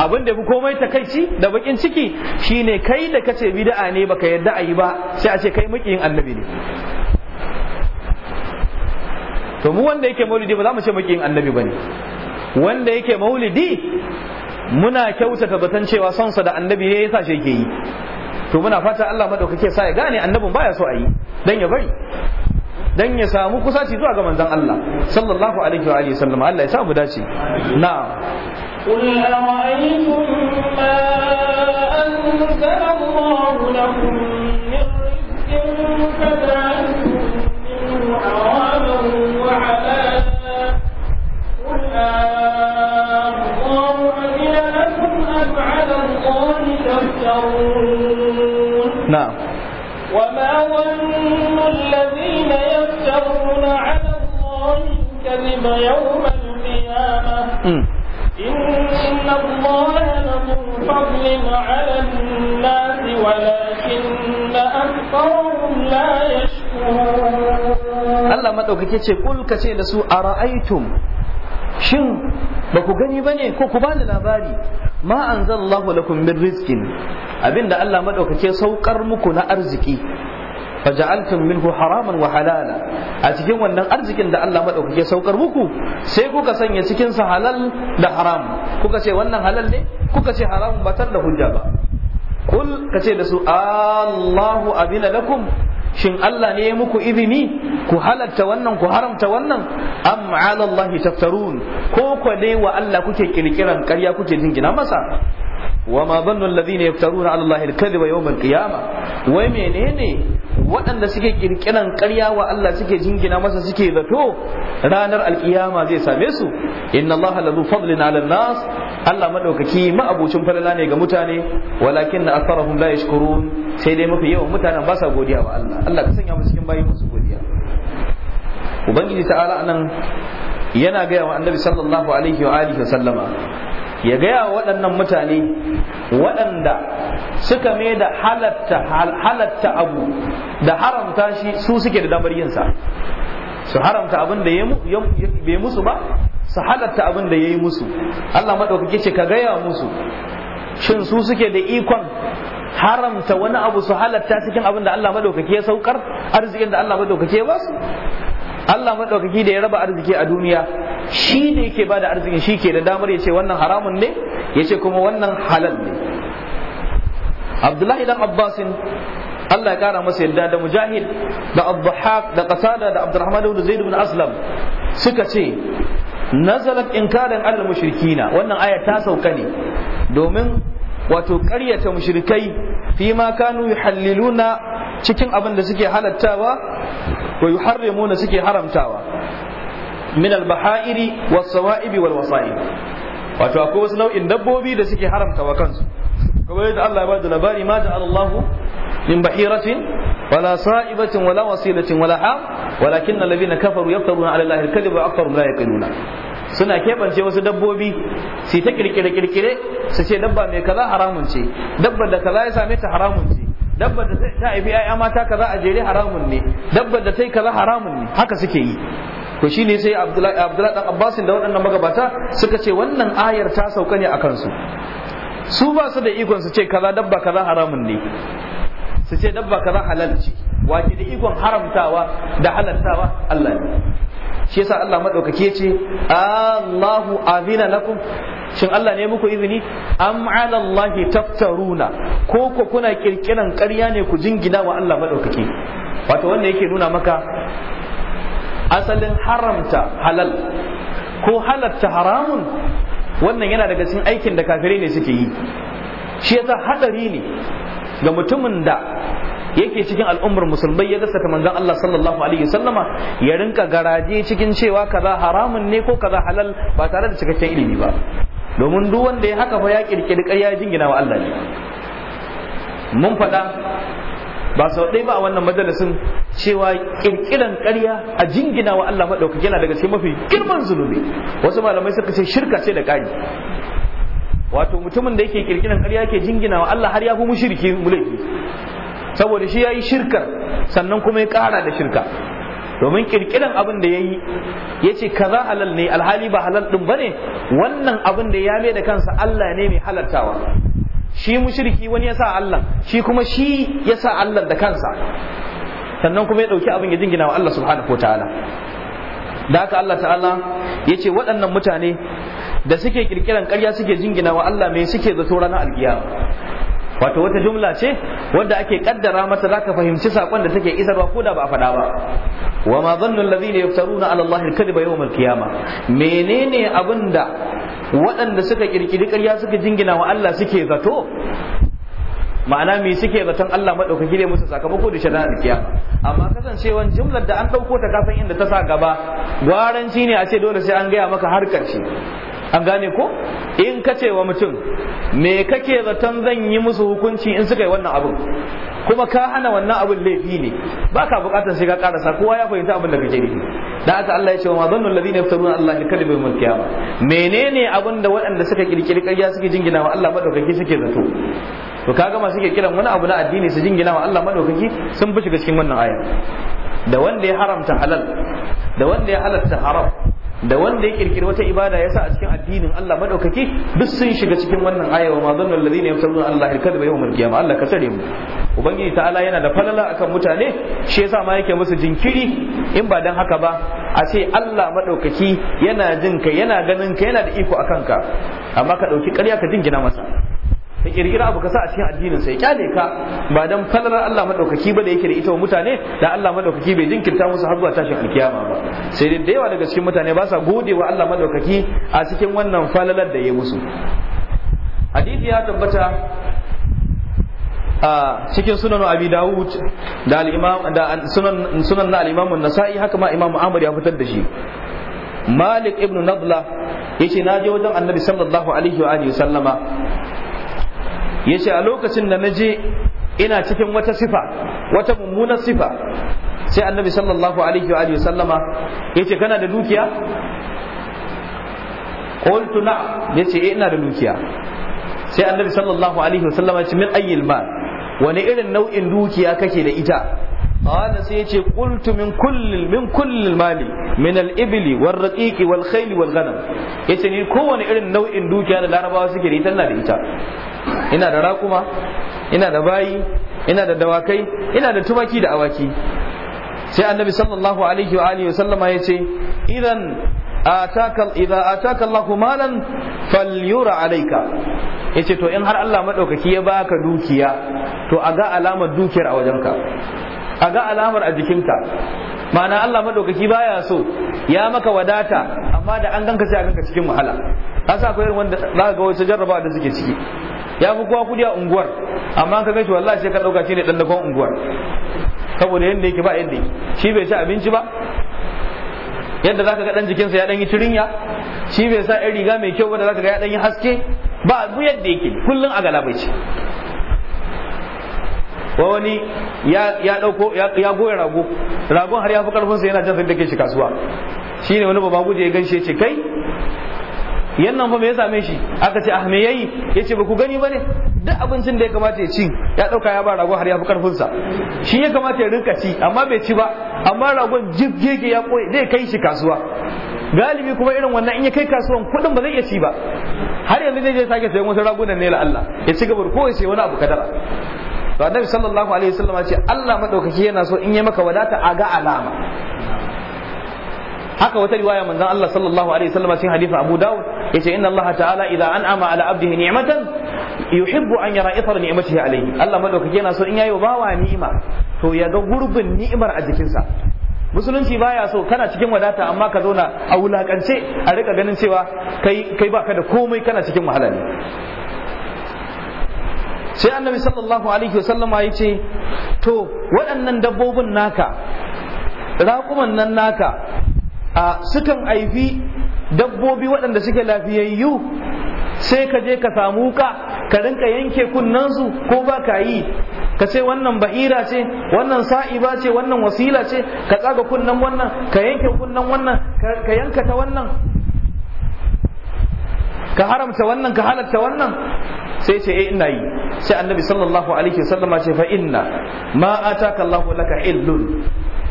abin da fi komai takaici da bakin ciki shine kai da kace bid'a ne baka yadda a yi ba sai a ce kai makiyin annabi ne to mu wanda yake maulidi ba za mu ce makiyin annabi bane wanda yake maulidi muna kyautata zaton cewa sonsa da annabi ne yasa shi yake yi to muna fata Allah madaukake sa ya gane annabin baya so a yi dan ya bari dan ya samu kusaci zuwa ga manzon Allah sallallahu alaihi wa alihi sallam Allah ya sa mu dace na'am يفترون نعم وما ظن الذين يفترون على الله الكذب يوم القيامة إن الله لذو فضل على الناس ولكن أكثرهم لا يشكرون Allah maɗaukaki ce kul ka ce da su a ra'aitum shin ba ku gani ba ne ko ku bani labari ma anzalallahu lakum min rizqin abinda Allah madaukake saukar muku na arziki faja'altum minhu haraman wa halala a cikin wannan arzikin da Allah madaukake saukar muku sai kuka sanya cikin sa halal da haram kuka ce wannan halal ne kuka ce haram batar da hujja ba kul kace da su Allahu abina lakum shin Allah ne ya muku izini ku halatta wannan ku haramta wannan am ala Allah taftarun ko ko dai wa Allah kuke kirkiran ƙarya kuke jingina masa Wama dhannu alladhina yaftaruna ala Allah al-kadhiba yawm al-qiyama wai menene waɗanda suke kirkiran ƙarya wa Allah suke jingina masa suke zato ranar alƙiyama zai same su inna Allah la fadlin ala nas Allah madaukaki ma'abucin falala ne ga mutane walakin na asarahum la yashkurun sai dai mafi yawan mutanen ba sa godiya wa Allah Allah ka sanya musu cikin bayi musu godiya ubangiji ta'ala anan yana gaya wa annabi sallallahu alaihi wa alihi wa sallama ya gaya wa waɗannan mutane waɗanda suka mai da halatta halatta abu da haramta shi su suke da damar yin sa su haramta abin da bai musu ba su halatta abin da yayi musu Allah madaukake ce ka gaya musu shin su suke da ikon haramta wani abu su halatta cikin abin da Allah madaukake ya saukar arzikin da Allah madaukake ya basu Allah madaukaki da ya raba arziki a duniya shi ne yake bada arzikin shi ke da damar ya ce wannan haramun ne ya ce kuma wannan halal ne Abdullahi dan Abbasin Allah ya kara masa yadda da Mujahid da Abdullahi da Qasada da Abdurrahman da Zaid ibn Aslam suka ce nazalat inkaran al mushrikina wannan aya ta sauka ne domin wato karyata mushrikai fi ma kanu yuhalliluna cikin abin da suke halattawa wa yuharrimuna suke haramtawa min al baha'iri was sawa'ibi wal wasa'ib wato akwai wasu nau'in dabbobi da suke haramtawa kansu kamar yadda Allah ya bada labari ma da Allahu min bahiratin wala sa'ibatin wala wasilatin wala am walakin alladhina kafaru yaftaruna ala allahi al-kadhiba wa aktharuhum la yaqiluna suna keɓance wasu dabbobi su ta kirkire kirkire su ce dabba mai kaza haramun ce dabbar da kaza ya same ta haramun ce dabbar da ta haifi ƴaƴa mata kaza a jere haramun ne dabbar da ta yi kaza haramun ne haka suke yi Ko shi ne sai Abdullahi dan Abbasin da waɗannan magabata suka ce wannan ayar ta sauka ne a kansu su ba su da ikon su ce kaza dabba kaza haramun ne su ce dabba kaza halal ce wace da ikon haramtawa da halaltawa Allah ne shi yasa Allah madaukake ce Allahu azina lakum shin Allah ne muku izini am ala Allah taftaruna ko ko kuna kirkiran ƙarya ne ku jingina wa Allah madaukake wato wanda yake nuna maka asalin haramta halal ko halatta haramun wannan yana daga cikin aikin da kafirai ne suke yi shi yasa hadari ne ga mutumin da yake cikin al'ummar musulmai ya gaskata manzon Allah sallallahu alaihi wasallama ya rinka garaje cikin cewa kaza haramun ne ko kaza halal ba tare da cikakken ilimi ba domin duk wanda ya haka fa ya kirkiri ƙarya jingina wa Allah ne mun faɗa ba sau ɗaya ba a wannan majalisin cewa ƙirƙiran ƙarya a jingina wa Allah maɗauka yana daga cikin mafi girman zunubi wasu malamai suka ce shirka ce da ƙari wato mutumin da yake ƙirƙiran ƙarya yake jingina wa Allah har ya fi mushriki mulki saboda shi yayi shirkar sannan kuma ya ƙara da shirka domin kirkiran abin da yayi ka kaza halal ne alhali ba halal ɗin ba ne? wannan abin da ya mai da kansa Allah ne mai halartawa shi mushriki wani yasa Allah shi kuma shi yasa Allah da kansa sannan kuma ya dauki abin ya jingina wa Allah subhanahu wataala da haka Allah ta'ala ya ce waɗannan mutane da suke kirkiran ƙarya suke jingina wa Allah mai suke zato ranar alkiyama wato wata jumla ce wanda ake kaddara mata zaka fahimci sakon da take isarwa ko da ba a faɗa ba wa ma dhannu alladhina yaftaruna ala allahi alkadiba yawm alqiyama menene abinda waɗanda suka kirkiri ƙarya suka jingina wa Allah suke zato ma'ana me suke zaton Allah madaukaki ne musu sakamako da shari'a alkiya amma kasancewan jumlar da an ɗauko ta kafin inda ta sa gaba gwaranci ne a ce dole sai an gaya maka har karshe an gane ko in ka ce wa mutum me kake zaton zan yi musu hukunci in suka yi wannan abin kuma ka hana wannan abin laifi ne ba ka bukatar sai ka karasa kowa ya fahimta abin da kake nufi dan haka Allah ya ce wa ma dhannu alladhina yaftaruna Allah bi kalbi yawm qiyamah menene abin da waɗanda suka kirkiri ƙarya suke jingina wa Allah madaukaki suke zato to kaga masu suke kiran wani abu na addini su jingina wa Allah madaukaki sun fi shiga cikin wannan aya da wanda ya haramta halal da wanda ya halarta haram da wanda ya kirkiri wata ibada ya sa a cikin addinin Allah madaukaki duk sun shiga cikin wannan aya wa mazanul ladina yaftaruna Allah alkadha ba yawmal qiyamah Allah ka tsare mu ubangiji ta'ala yana da falala akan mutane shi yasa ma yake musu jinkiri in ba dan haka ba a ce Allah madaukaki yana jin ka yana ganin ka yana da iko akan ka amma ka dauki ƙarya ka jingina masa Ka kirkira abu kasa a cikin addinin sa ya kyale ka ba dan falalar Allah madaukaki ba da yake da ita wa mutane da Allah madaukaki bai jinkirta musu har zuwa tashin alkiyama ba sai dai da yawa daga cikin mutane ba sa gode wa Allah madaukaki a cikin wannan falalar da ya musu hadisi ya tabbata a cikin sunan abi dawud da al-imam da sunan sunan na al-imam an-nasa'i haka ma imam ahmad ya fitar da shi malik ibn nadla yace na je wajen annabi sallallahu alaihi wa alihi sallama yace a lokacin da naje ina cikin wata sifa wata mummunar sifa sai annabi sallallahu alaihi wa alihi sallama yace kana da dukiya qultu na yace eh ina da dukiya sai annabi sallallahu alaihi wa sallama yace min ayyil mal wani irin nau'in dukiya kake da ita qala sai yace qultu min kullil min kullil mali min al ibli war raqiqi wal khayli yace ni kowane irin nau'in dukiya da larabawa suke da ita na da ita ina da raƙuma ina da bayi ina da dawakai ina da tumaki da awaki sai annabi sallallahu alaihi wa alihi sallama yace idan ataka idza ataka Allah malan falyura alayka yace to in har Allah madaukaki ya baka dukiya to a ga alamar dukiyar a wajenka a ga alamar a jikinka ma'ana Allah madaukaki baya so ya maka wadata amma da an ganka sai a ganka cikin wahala asa akwai irin wanda za ga wasu jarraba da suke ciki ya fi kowa kudi a unguwar amma ka gashi wallahi sai ka dauka shi ne dan dakon unguwar saboda yanda yake ba yanda yake shi bai ci abinci ba yadda zaka ga dan jikinsa ya dan yi turinya shi bai sa yan riga mai kyau ba da zaka ga ya dan yi haske ba bu yadda yake kullun a ce. wa wani ya ya dauko ya goya rago ragon har ya fi karfin sa yana jan sai dake shi kasuwa shine wani baba guje ya ganshe ce kai yannan fa me ya same shi aka ce ah me yayi yace ba ku gani bane duk abincin da ya kamata ya ci ya dauka ya ba rago har ya fi karfin sa shi ya kamata ya rinka ci amma bai ci ba amma ragon jiggege ya koyi zai kai shi kasuwa galibi kuma irin wannan in ya kai kasuwan kudin ba zai iya ci ba har yanzu zai je sake sayan wasu ragunan ne la Allah ya ci gaba ko ya sayi wani abu kadara to annabi sallallahu alaihi wasallam ce Allah madaukaki yana so in yi maka wadata a ga alama haka wata riwaya manzon Allah sallallahu alaihi wasallam cikin hadisin Abu Dawud yace inna Allah ta'ala idza an'ama ala abdihi ni'matan yuhibbu an yara ithar ni'matihi alayhi Allah madaukaki yana so in yayi bawa ni'ima to ya ga gurbin ni'imar a jikinsa musulunci baya so kana cikin wadata amma ka zauna a wulakance a rika ganin cewa kai kai baka da komai kana cikin wahala ne sai annabi sallallahu alaihi wasallama ya ce to waɗannan dabbobin naka raƙuman nan naka a sukan aifi dabbobi waɗanda suke lafiyayyu sai ka je ka samu ka ka rinka yanke kunnansu ko ba ka yi ka ce wannan ba'ira ce wannan sa'iba ce wannan wasila ce ka tsaga kunnan wannan ka yanke kunnan wannan ka yanka ta wannan ka haramta wannan ka halatta wannan sai ce eh ina yi sai annabi sallallahu alaihi wasallama ce fa inna ma ataka Allahu laka illun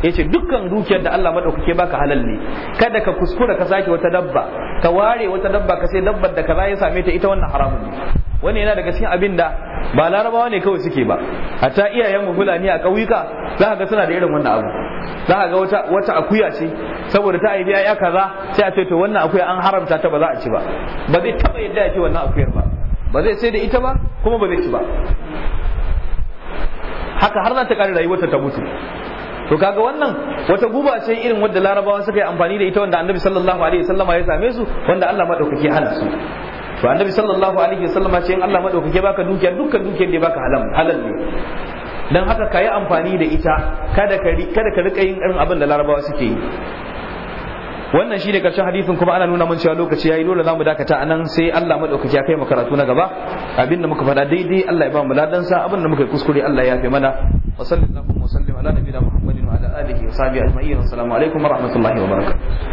yace dukkan dukiyar da Allah madaukake baka halal ne kada ka kuskura ka sake wata dabba ka ware wata dabba ka sai dabbar da kaza ya same ta ita wannan haramun ne wani yana daga cikin abin da ba larabawa ne kawai suke ba hatta iyayenmu fulani a ƙauyuka za ka ga suna da irin wannan abu za ka ga wata akuya ce saboda ta haifi ya kaza sai a ce to wannan akuya an haramta ta ba za a ci ba ba zai taba yadda ya ce wannan akuyar ba ba zai sai da ita ba kuma ba zai ci ba haka har za ta kare rayuwarta ta mutu to kaga wannan wata guba ce irin wadda larabawa suka yi amfani da ita wanda annabi sallallahu alaihi wasallama ya same su wanda Allah madaukake hana su to annabi sallallahu alaihi wasallam ce in Allah madaukake baka dukiya dukkan dukiyar da baka halal halal ne dan haka kayi amfani da ita kada ka kada ka rika yin irin abin da larabawa suke yi wannan shine karshen hadisin kuma ana nuna mun cewa lokaci yayi dole zamu dakata anan sai Allah madaukake ya kai mu karatu na gaba abinda muka faɗa daidai Allah ya ba mu ladan sa abinda muka kuskure Allah ya yafe mana wa sallallahu wa sallim ala nabiyina Muhammadin wa ala alihi wa sahbihi ajma'in assalamu alaikum wa rahmatullahi wa barakatuh